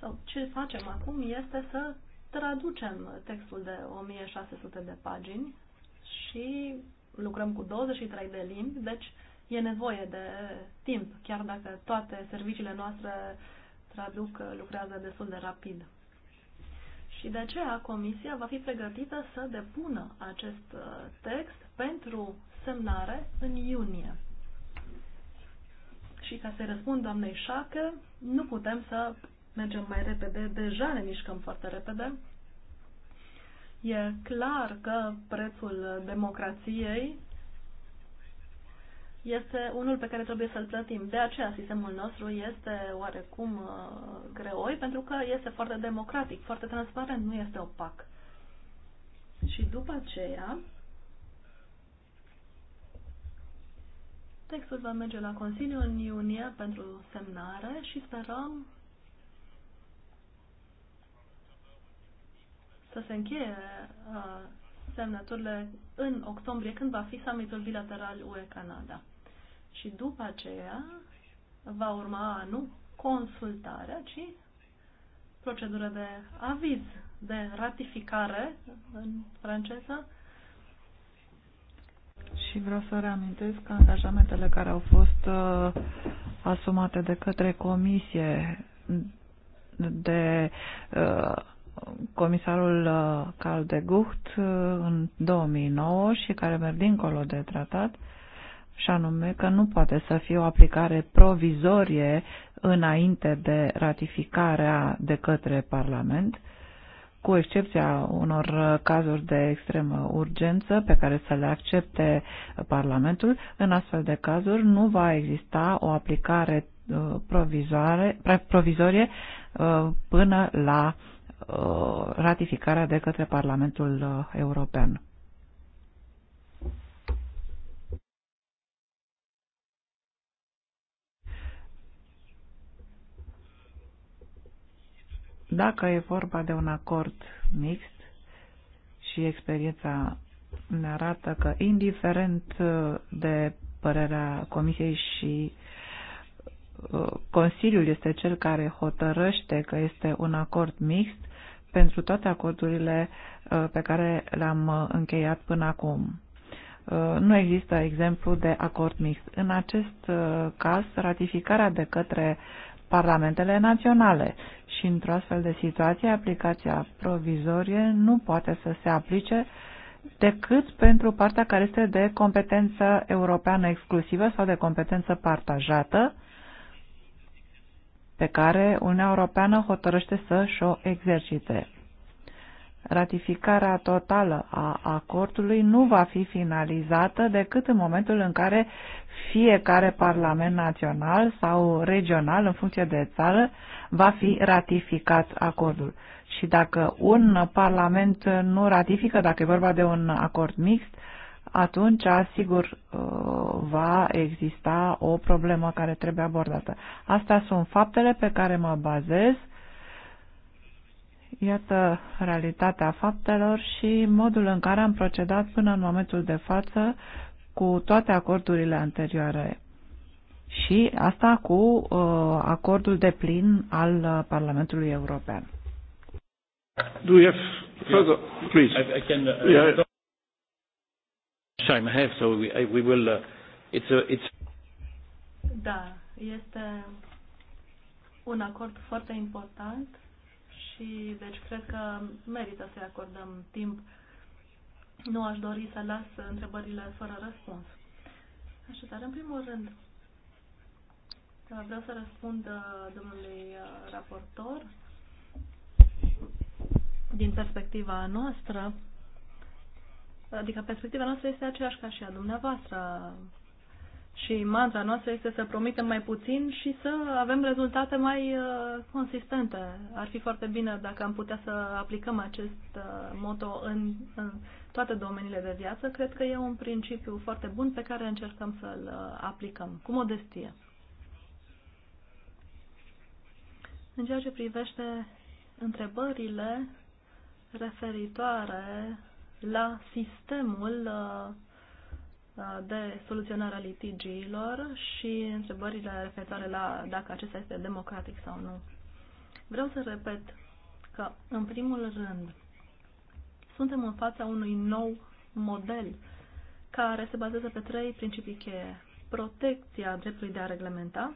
sau ce facem acum este să traducem textul de 1600 de pagini și lucrăm cu 23 de limbi, deci e nevoie de timp, chiar dacă toate serviciile noastre traduc, lucrează destul de rapid. Și de aceea comisia va fi pregătită să depună acest uh, text pentru semnare în iunie. Și ca să-i răspund doamnei Șacă, nu putem să mergem mai repede, deja ne mișcăm foarte repede. E clar că prețul democrației este unul pe care trebuie să-l plătim. De aceea sistemul nostru este oarecum uh, greoi, pentru că este foarte democratic, foarte transparent, nu este opac. Și după aceea, Textul va merge la Consiliu în iunie pentru semnare și sperăm să se încheie uh, semnăturile în octombrie, când va fi summitul bilateral UE-Canada. Și după aceea va urma nu consultarea, ci procedură de aviz, de ratificare în franceză, și vreau să reamintesc că angajamentele care au fost uh, asumate de către comisie de uh, comisarul uh, Carl de Gucht uh, în 2009 și care merg dincolo de tratat, și anume că nu poate să fie o aplicare provizorie înainte de ratificarea de către Parlament, uh, cu excepția unor cazuri de extremă urgență pe care să le accepte Parlamentul, în astfel de cazuri nu va exista o aplicare uh, provizorie uh, până la uh, ratificarea de către Parlamentul European. Dacă e vorba de un acord mixt și experiența ne arată că, indiferent uh, de părerea Comisiei și uh, Consiliul este cel care hotărăște că este un acord mixt pentru toate acordurile uh, pe care le-am încheiat până acum. Nu există exemplu de acord mixt. În acest caz, ratificarea de către parlamentele naționale și într-o astfel de situație aplicația provizorie nu poate să se aplice decât pentru partea care este de competență europeană exclusivă sau de competență partajată pe care Uniunea Europeană hotărăște să și-o exercite. Ratificarea totală a acordului nu va fi finalizată decât în momentul în care fiecare parlament național sau regional, în funcție de țară, va fi ratificat acordul. Și dacă un parlament nu ratifică, dacă e vorba de un acord mixt, atunci, sigur, uh, va exista o problemă care trebuie abordată. Astea sunt faptele pe care mă bazez Iată realitatea faptelor și modul în care am procedat până în momentul de față cu toate acordurile anterioare. Și asta cu uh, acordul de plin al uh, Parlamentului European. Do you have further, please? I, I can, uh, yeah. Time I have, so we, I, we will. Uh, it's a, it's. Da, este un acord foarte important și deci cred că merită să-i acordăm timp. Nu aș dori să las întrebările fără răspuns. Așadar, în primul rând, vreau să răspund uh, domnului uh, raportor din perspectiva noastră. Adică perspectiva noastră este aceeași ca și a dumneavoastră și mantra noastră este să promitem mai puțin și să avem rezultate mai uh, consistente. Ar fi foarte bine dacă am putea să aplicăm acest uh, moto în, în toate domeniile de viață. Cred că e un principiu foarte bun pe care încercăm să-l uh, aplicăm cu modestie. În ceea ce privește întrebările referitoare la sistemul uh, de soluționarea litigiilor și întrebările referitoare la dacă acesta este democratic sau nu. Vreau să repet că, în primul rând, suntem în fața unui nou model care se bazează pe trei principii cheie. Protecția dreptului de a reglementa,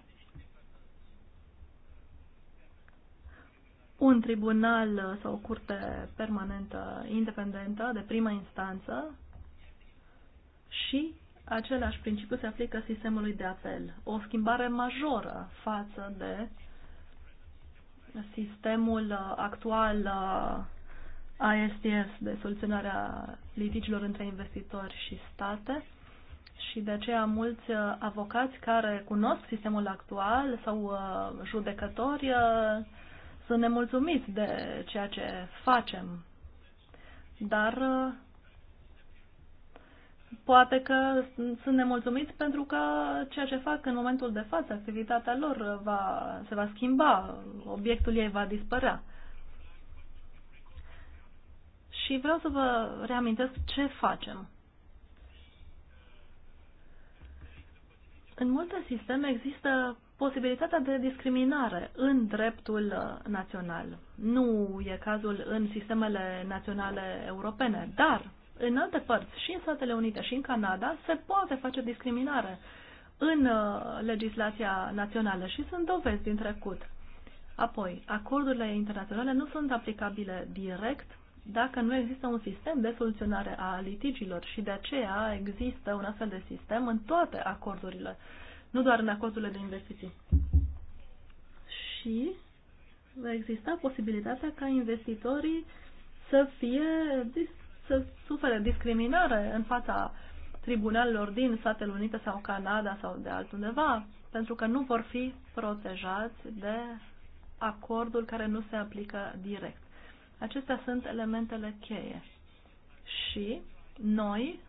un tribunal sau o curte permanentă independentă de prima instanță și același principiu se aplică sistemului de apel. O schimbare majoră față de sistemul actual ASTS uh, de soluționarea litigilor între investitori și state și de aceea mulți uh, avocați care cunosc sistemul actual sau uh, judecători sunt nemulțumiți de ceea ce facem. Dar poate că sunt nemulțumiți pentru că ceea ce fac în momentul de față, activitatea lor va, se va schimba, obiectul ei va dispărea. Și vreau să vă reamintesc ce facem. În multe sisteme există posibilitatea de discriminare în dreptul național. Nu e cazul în sistemele naționale europene, dar în alte părți, și în Statele Unite și în Canada, se poate face discriminare în uh, legislația națională și sunt dovezi din trecut. Apoi, acordurile internaționale nu sunt aplicabile direct dacă nu există un sistem de soluționare a litigilor și de aceea există un astfel de sistem în toate acordurile, nu doar în acordurile de investiții. Și va exista posibilitatea ca investitorii să fie să sufere discriminare în fața tribunalelor din Statele Unite sau Canada sau de altundeva, pentru că nu vor fi protejați de acordul care nu se aplică direct. Acestea sunt elementele cheie. Și noi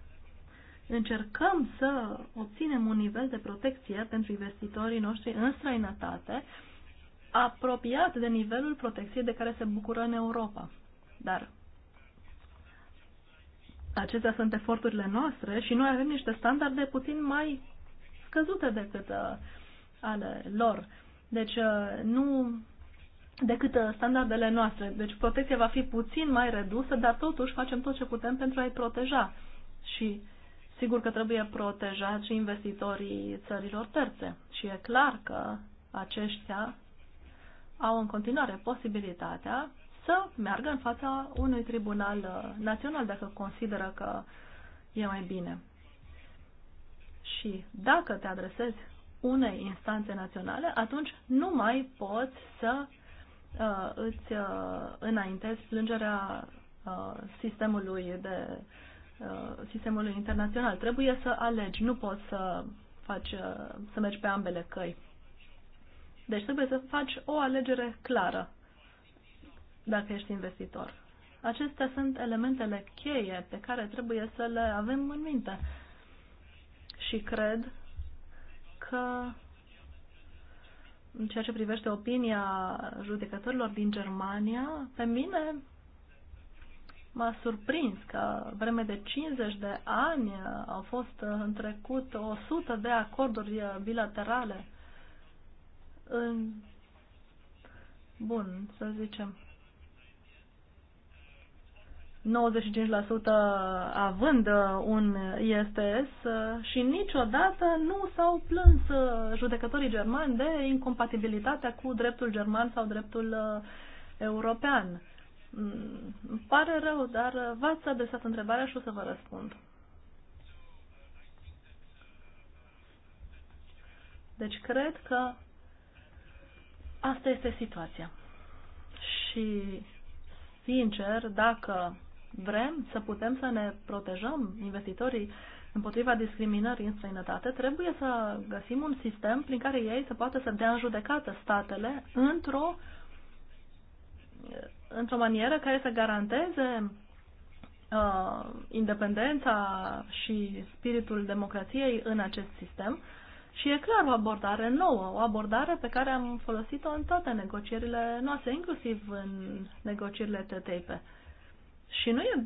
încercăm să obținem un nivel de protecție pentru investitorii noștri în străinătate apropiat de nivelul protecției de care se bucură în Europa. Dar Acestea sunt eforturile noastre și noi avem niște standarde puțin mai scăzute decât uh, ale lor. Deci uh, nu decât uh, standardele noastre. Deci protecția va fi puțin mai redusă, dar totuși facem tot ce putem pentru a-i proteja. Și sigur că trebuie protejați și investitorii țărilor terțe. Și e clar că aceștia au în continuare posibilitatea să meargă în fața unui tribunal uh, național dacă consideră că e mai bine. Și dacă te adresezi unei instanțe naționale, atunci nu mai poți să uh, îți uh, înaintezi plângerea uh, sistemului de uh, sistemului internațional. Trebuie să alegi, nu poți să faci uh, să mergi pe ambele căi. Deci trebuie să faci o alegere clară dacă ești investitor. Acestea sunt elementele cheie pe care trebuie să le avem în minte. Și cred că în ceea ce privește opinia judecătorilor din Germania, pe mine m-a surprins că vreme de 50 de ani au fost în trecut 100 de acorduri bilaterale. În... Bun, să zicem. 95% având uh, un ISTS uh, și niciodată nu s-au plâns uh, judecătorii germani de incompatibilitatea cu dreptul german sau dreptul european. Mm, îmi pare rău, dar v-ați adresat întrebarea și o să vă răspund. Deci cred că asta este situația. Și sincer, dacă vrem să putem să ne protejăm investitorii împotriva discriminării în străinătate, trebuie să găsim un sistem prin care ei să poată să dea în judecată statele într-o într-o manieră care să garanteze uh, independența și spiritul democrației în acest sistem și e clar o abordare nouă, o abordare pe care am folosit-o în toate negocierile noastre, inclusiv în negocierile TTIP. Și nu e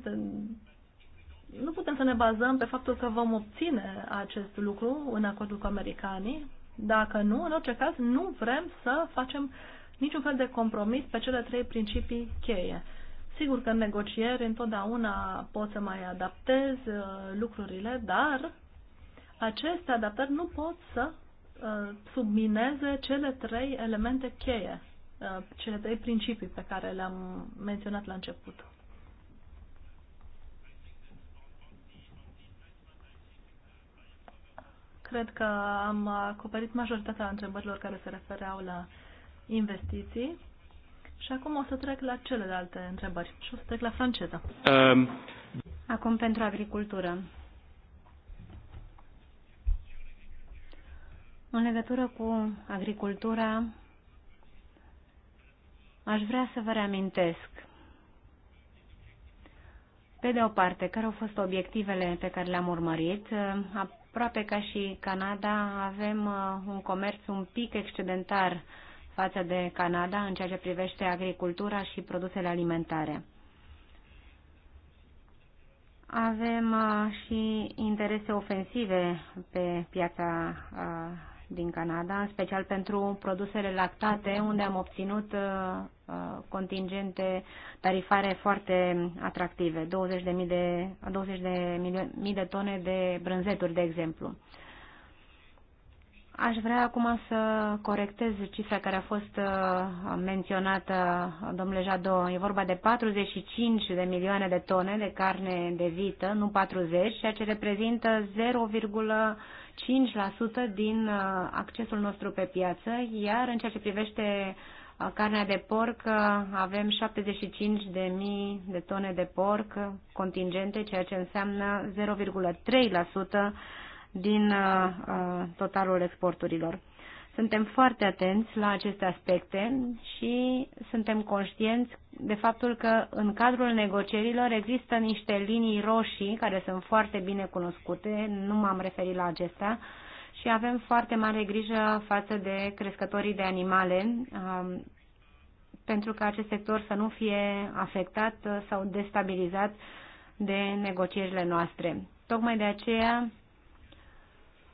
nu putem să ne bazăm pe faptul că vom obține acest lucru în acordul cu americanii. Dacă nu, în orice caz, nu vrem să facem niciun fel de compromis pe cele trei principii cheie. Sigur că în negocieri întotdeauna pot să mai adaptez uh, lucrurile, dar aceste adaptări nu pot să uh, submineze cele trei elemente cheie, uh, cele trei principii pe care le-am menționat la început. Cred că am acoperit majoritatea întrebărilor care se refereau la investiții. Și acum o să trec la celelalte întrebări și o să trec la franceză. Um. Acum pentru agricultură. În legătură cu agricultura, aș vrea să vă reamintesc, pe de o parte, care au fost obiectivele pe care le-am urmărit, aproape ca și Canada, avem uh, un comerț un pic excedentar față de Canada în ceea ce privește agricultura și produsele alimentare. Avem uh, și interese ofensive pe piața uh, din Canada, în special pentru produsele lactate, unde am obținut uh, uh, contingente tarifare foarte atractive, 20 de, mii de, 20 de, mii de tone de brânzeturi, de exemplu. Aș vrea acum să corectez cifra care a fost uh, menționată, domnule Jado. E vorba de 45 de milioane de tone de carne de vită, nu 40, ceea ce reprezintă 0, 5% din uh, accesul nostru pe piață, iar în ceea ce privește uh, carnea de porc uh, avem 75.000 de tone de porc contingente, ceea ce înseamnă 0,3% din totalul exporturilor. Suntem foarte atenți la aceste aspecte și suntem conștienți de faptul că în cadrul negocierilor există niște linii roșii care sunt foarte bine cunoscute, nu m-am referit la acestea, și avem foarte mare grijă față de crescătorii de animale, um, pentru ca acest sector să nu fie afectat sau destabilizat de negocierile noastre. Tocmai de aceea,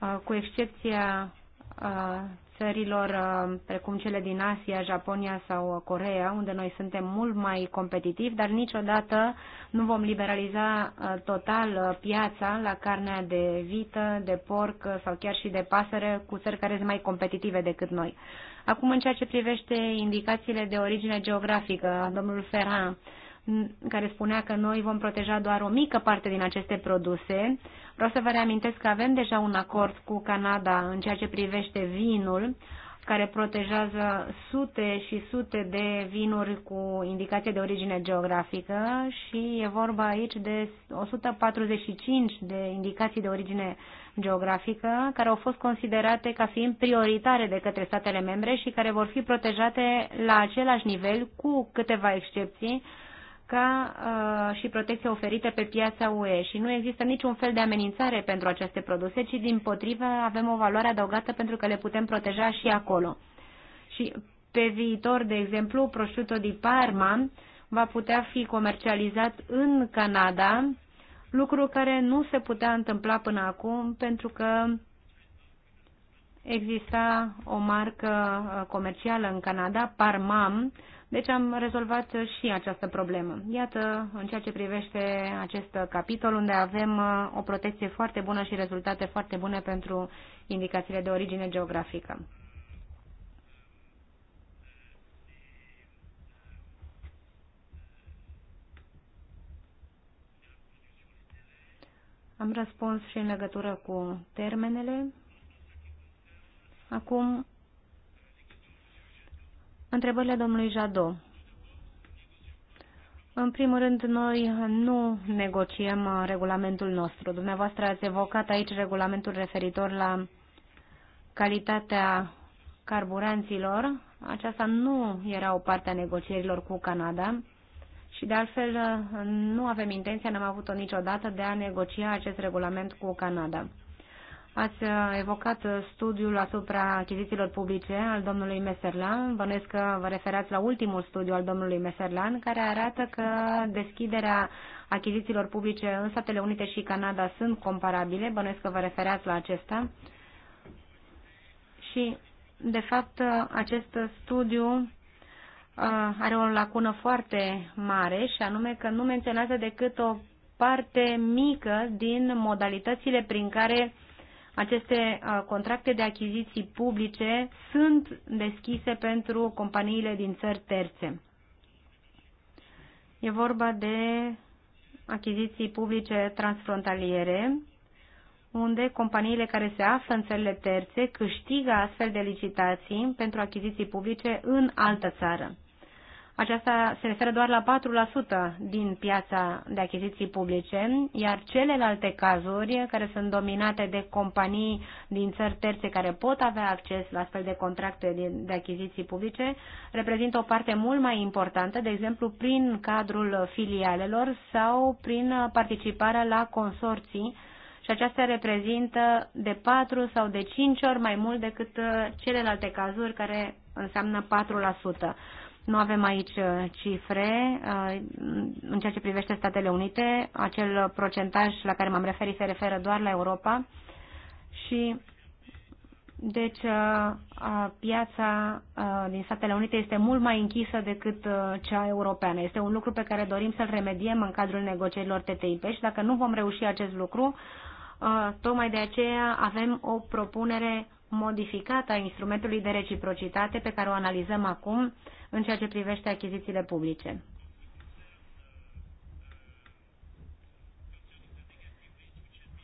uh, cu excepția uh, țărilor uh, precum cele din Asia, Japonia sau uh, Corea, unde noi suntem mult mai competitivi, dar niciodată nu vom liberaliza uh, total piața la carnea de vită, de porc sau chiar și de pasăre cu țări care sunt mai competitive decât noi. Acum, în ceea ce privește indicațiile de origine geografică, domnul Ferran, care spunea că noi vom proteja doar o mică parte din aceste produse. Vreau să vă reamintesc că avem deja un acord cu Canada în ceea ce privește vinul, care protejează sute și sute de vinuri cu indicație de origine geografică și e vorba aici de 145 de indicații de origine geografică care au fost considerate ca fiind prioritare de către statele membre și care vor fi protejate la același nivel cu câteva excepții ca uh, și protecția oferită pe piața UE și nu există niciun fel de amenințare pentru aceste produse, ci din potrivă avem o valoare adăugată pentru că le putem proteja și acolo. Și pe viitor, de exemplu, prosciutto di Parma va putea fi comercializat în Canada, lucru care nu se putea întâmpla până acum pentru că exista o marcă uh, comercială în Canada, Parmam, uh, deci am rezolvat și această problemă. Iată, în ceea ce privește acest capitol, unde avem uh, o protecție foarte bună și rezultate foarte bune pentru indicațiile de origine geografică. Am răspuns și în legătură cu termenele. Acum, Întrebările domnului Jadot. În primul rând, noi nu negociem uh, regulamentul nostru. Dumneavoastră ați evocat aici regulamentul referitor la calitatea carburanților. Aceasta nu era o parte a negocierilor cu Canada și, de altfel, uh, nu avem intenția, n-am avut-o niciodată, de a negocia acest regulament cu Canada. Ați uh, evocat uh, studiul asupra achizițiilor publice al domnului Meserlan. Bănuiesc că vă referați la ultimul studiu al domnului Meserlan, care arată că deschiderea achizițiilor publice în Statele Unite și Canada sunt comparabile. Bănuiesc că vă referați la acesta. Și, de fapt, uh, acest studiu are o lacună foarte mare și anume că nu menționează decât o parte mică din modalitățile prin care aceste uh, contracte de achiziții publice sunt deschise pentru companiile din țări terțe. E vorba de achiziții publice transfrontaliere, unde companiile care se află în țările terțe câștigă astfel de licitații pentru achiziții publice în altă țară. Aceasta se referă doar la 4% din piața de achiziții publice, iar celelalte cazuri care sunt dominate de companii din țări terțe care pot avea acces la astfel de contracte de achiziții publice, reprezintă o parte mult mai importantă, de exemplu prin cadrul filialelor sau prin participarea la consorții și aceasta reprezintă de 4 sau de 5 ori mai mult decât uh, celelalte cazuri care înseamnă 4%. Nu avem aici uh, cifre. Uh, în ceea ce privește Statele Unite, acel procentaj la care m-am referit se referă doar la Europa și deci uh, piața din Statele Unite este mult mai închisă decât cea europeană. Este un lucru pe care dorim să-l remediem în cadrul negocierilor TTIP și dacă nu vom reuși acest lucru, tocmai de aceea avem o propunere modificată a instrumentului de reciprocitate pe care o analizăm acum în ceea ce privește achizițiile publice.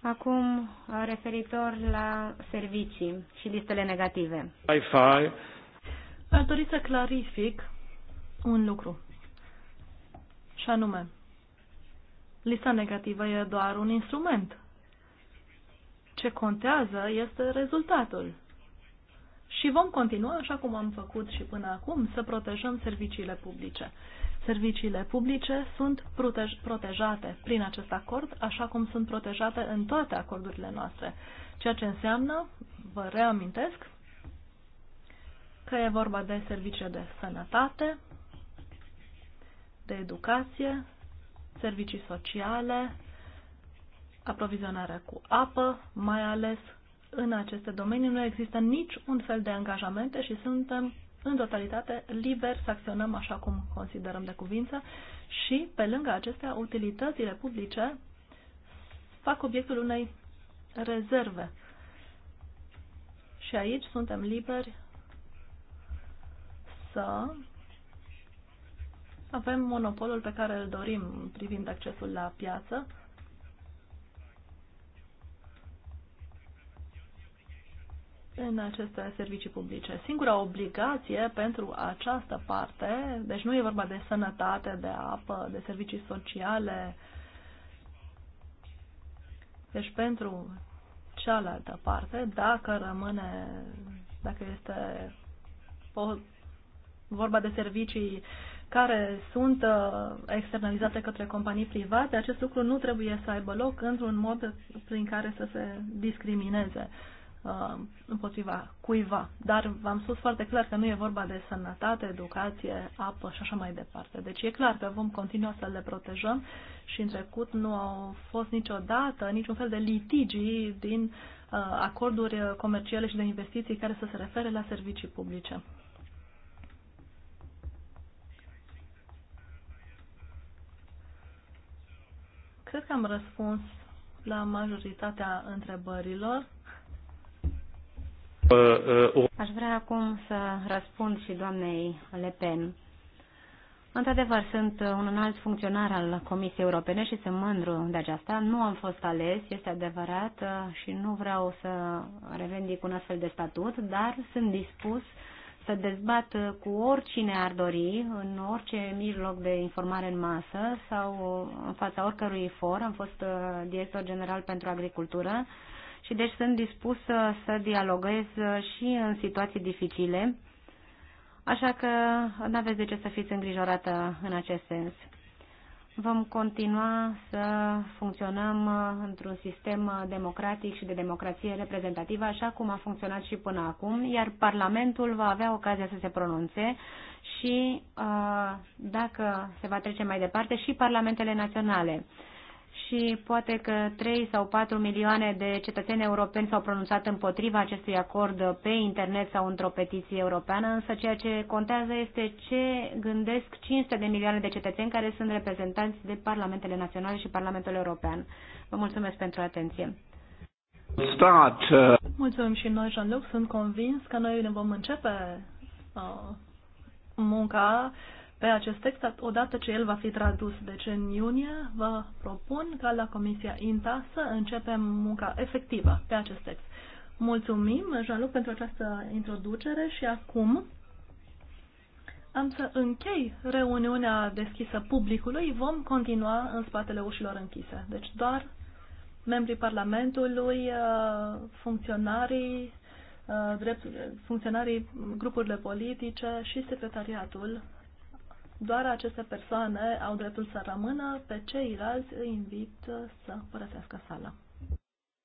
Acum, referitor la servicii și listele negative. Wi-Fi. Aș dori să clarific un lucru. Și anume, lista negativă e doar un instrument. Ce contează este rezultatul și vom continua, așa cum am făcut și până acum, să protejăm serviciile publice. Serviciile publice sunt protej- protejate prin acest acord, așa cum sunt protejate în toate acordurile noastre. Ceea ce înseamnă, vă reamintesc, că e vorba de servicii de sănătate, de educație, servicii sociale, aprovizionarea cu apă, mai ales în aceste domenii nu există nici un fel de angajamente și suntem în totalitate liberi să acționăm așa cum considerăm de cuvință și, pe lângă acestea, utilitățile publice fac obiectul unei rezerve. Și aici suntem liberi să avem monopolul pe care îl dorim privind accesul la piață în aceste servicii publice. Singura obligație pentru această parte, deci nu e vorba de sănătate, de apă, de servicii sociale, deci pentru cealaltă parte, dacă rămâne, dacă este o, vorba de servicii care sunt uh, externalizate către companii private, acest lucru nu trebuie să aibă loc într-un mod prin care să se discrimineze Uh, împotriva cuiva. Dar v-am spus foarte clar că nu e vorba de sănătate, educație, apă și așa mai departe. Deci e clar că vom continua să le protejăm și în trecut nu au fost niciodată niciun fel de litigii din uh, acorduri comerciale și de investiții care să se refere la servicii publice. Cred că am răspuns la majoritatea întrebărilor. Ă, ă, Aș vrea acum să răspund și doamnei Le Pen. Într-adevăr, sunt un înalt funcționar al Comisiei Europene și sunt mândru de aceasta. Nu am fost ales, este adevărat, ă, și nu vreau să revendic un astfel de statut, dar sunt dispus să dezbat cu oricine ar dori, în orice mijloc de informare în masă sau în fața oricărui for. Am fost director general pentru agricultură și deci sunt dispusă să dialogez uh, și în situații dificile, așa că nu aveți de ce să fiți îngrijorată în acest sens. Vom continua să funcționăm uh, într-un sistem uh, democratic și de democrație reprezentativă, așa cum a funcționat și până acum, iar Parlamentul va avea ocazia să se pronunțe și, dacă se va trece mai departe, și Parlamentele naționale și poate că 3 sau 4 milioane de cetățeni europeni s-au pronunțat împotriva acestui acord pe internet sau într-o petiție europeană, însă ceea ce contează este ce gândesc 500 de milioane de cetățeni care sunt reprezentanți de parlamentele naționale și Parlamentul European. Vă mulțumesc pentru atenție. Start. Uh, Mulțumim și noi, Jean-Luc. Sunt convins că noi ne vom începe uh, munca uh, pe acest text odată ce el va fi tradus. Deci în iunie vă propun ca la Comisia INTA să începem munca efectivă pe acest text. Mulțumim, Jean-Luc, pentru această introducere și acum am să închei reuniunea deschisă publicului. Vom continua în spatele ușilor închise. Deci doar membrii Parlamentului, uh, funcționarii, uh, drept, funcționarii grupurile politice și secretariatul doar aceste persoane au dreptul să rămână, pe ceilalți îi invit să părăsească sala.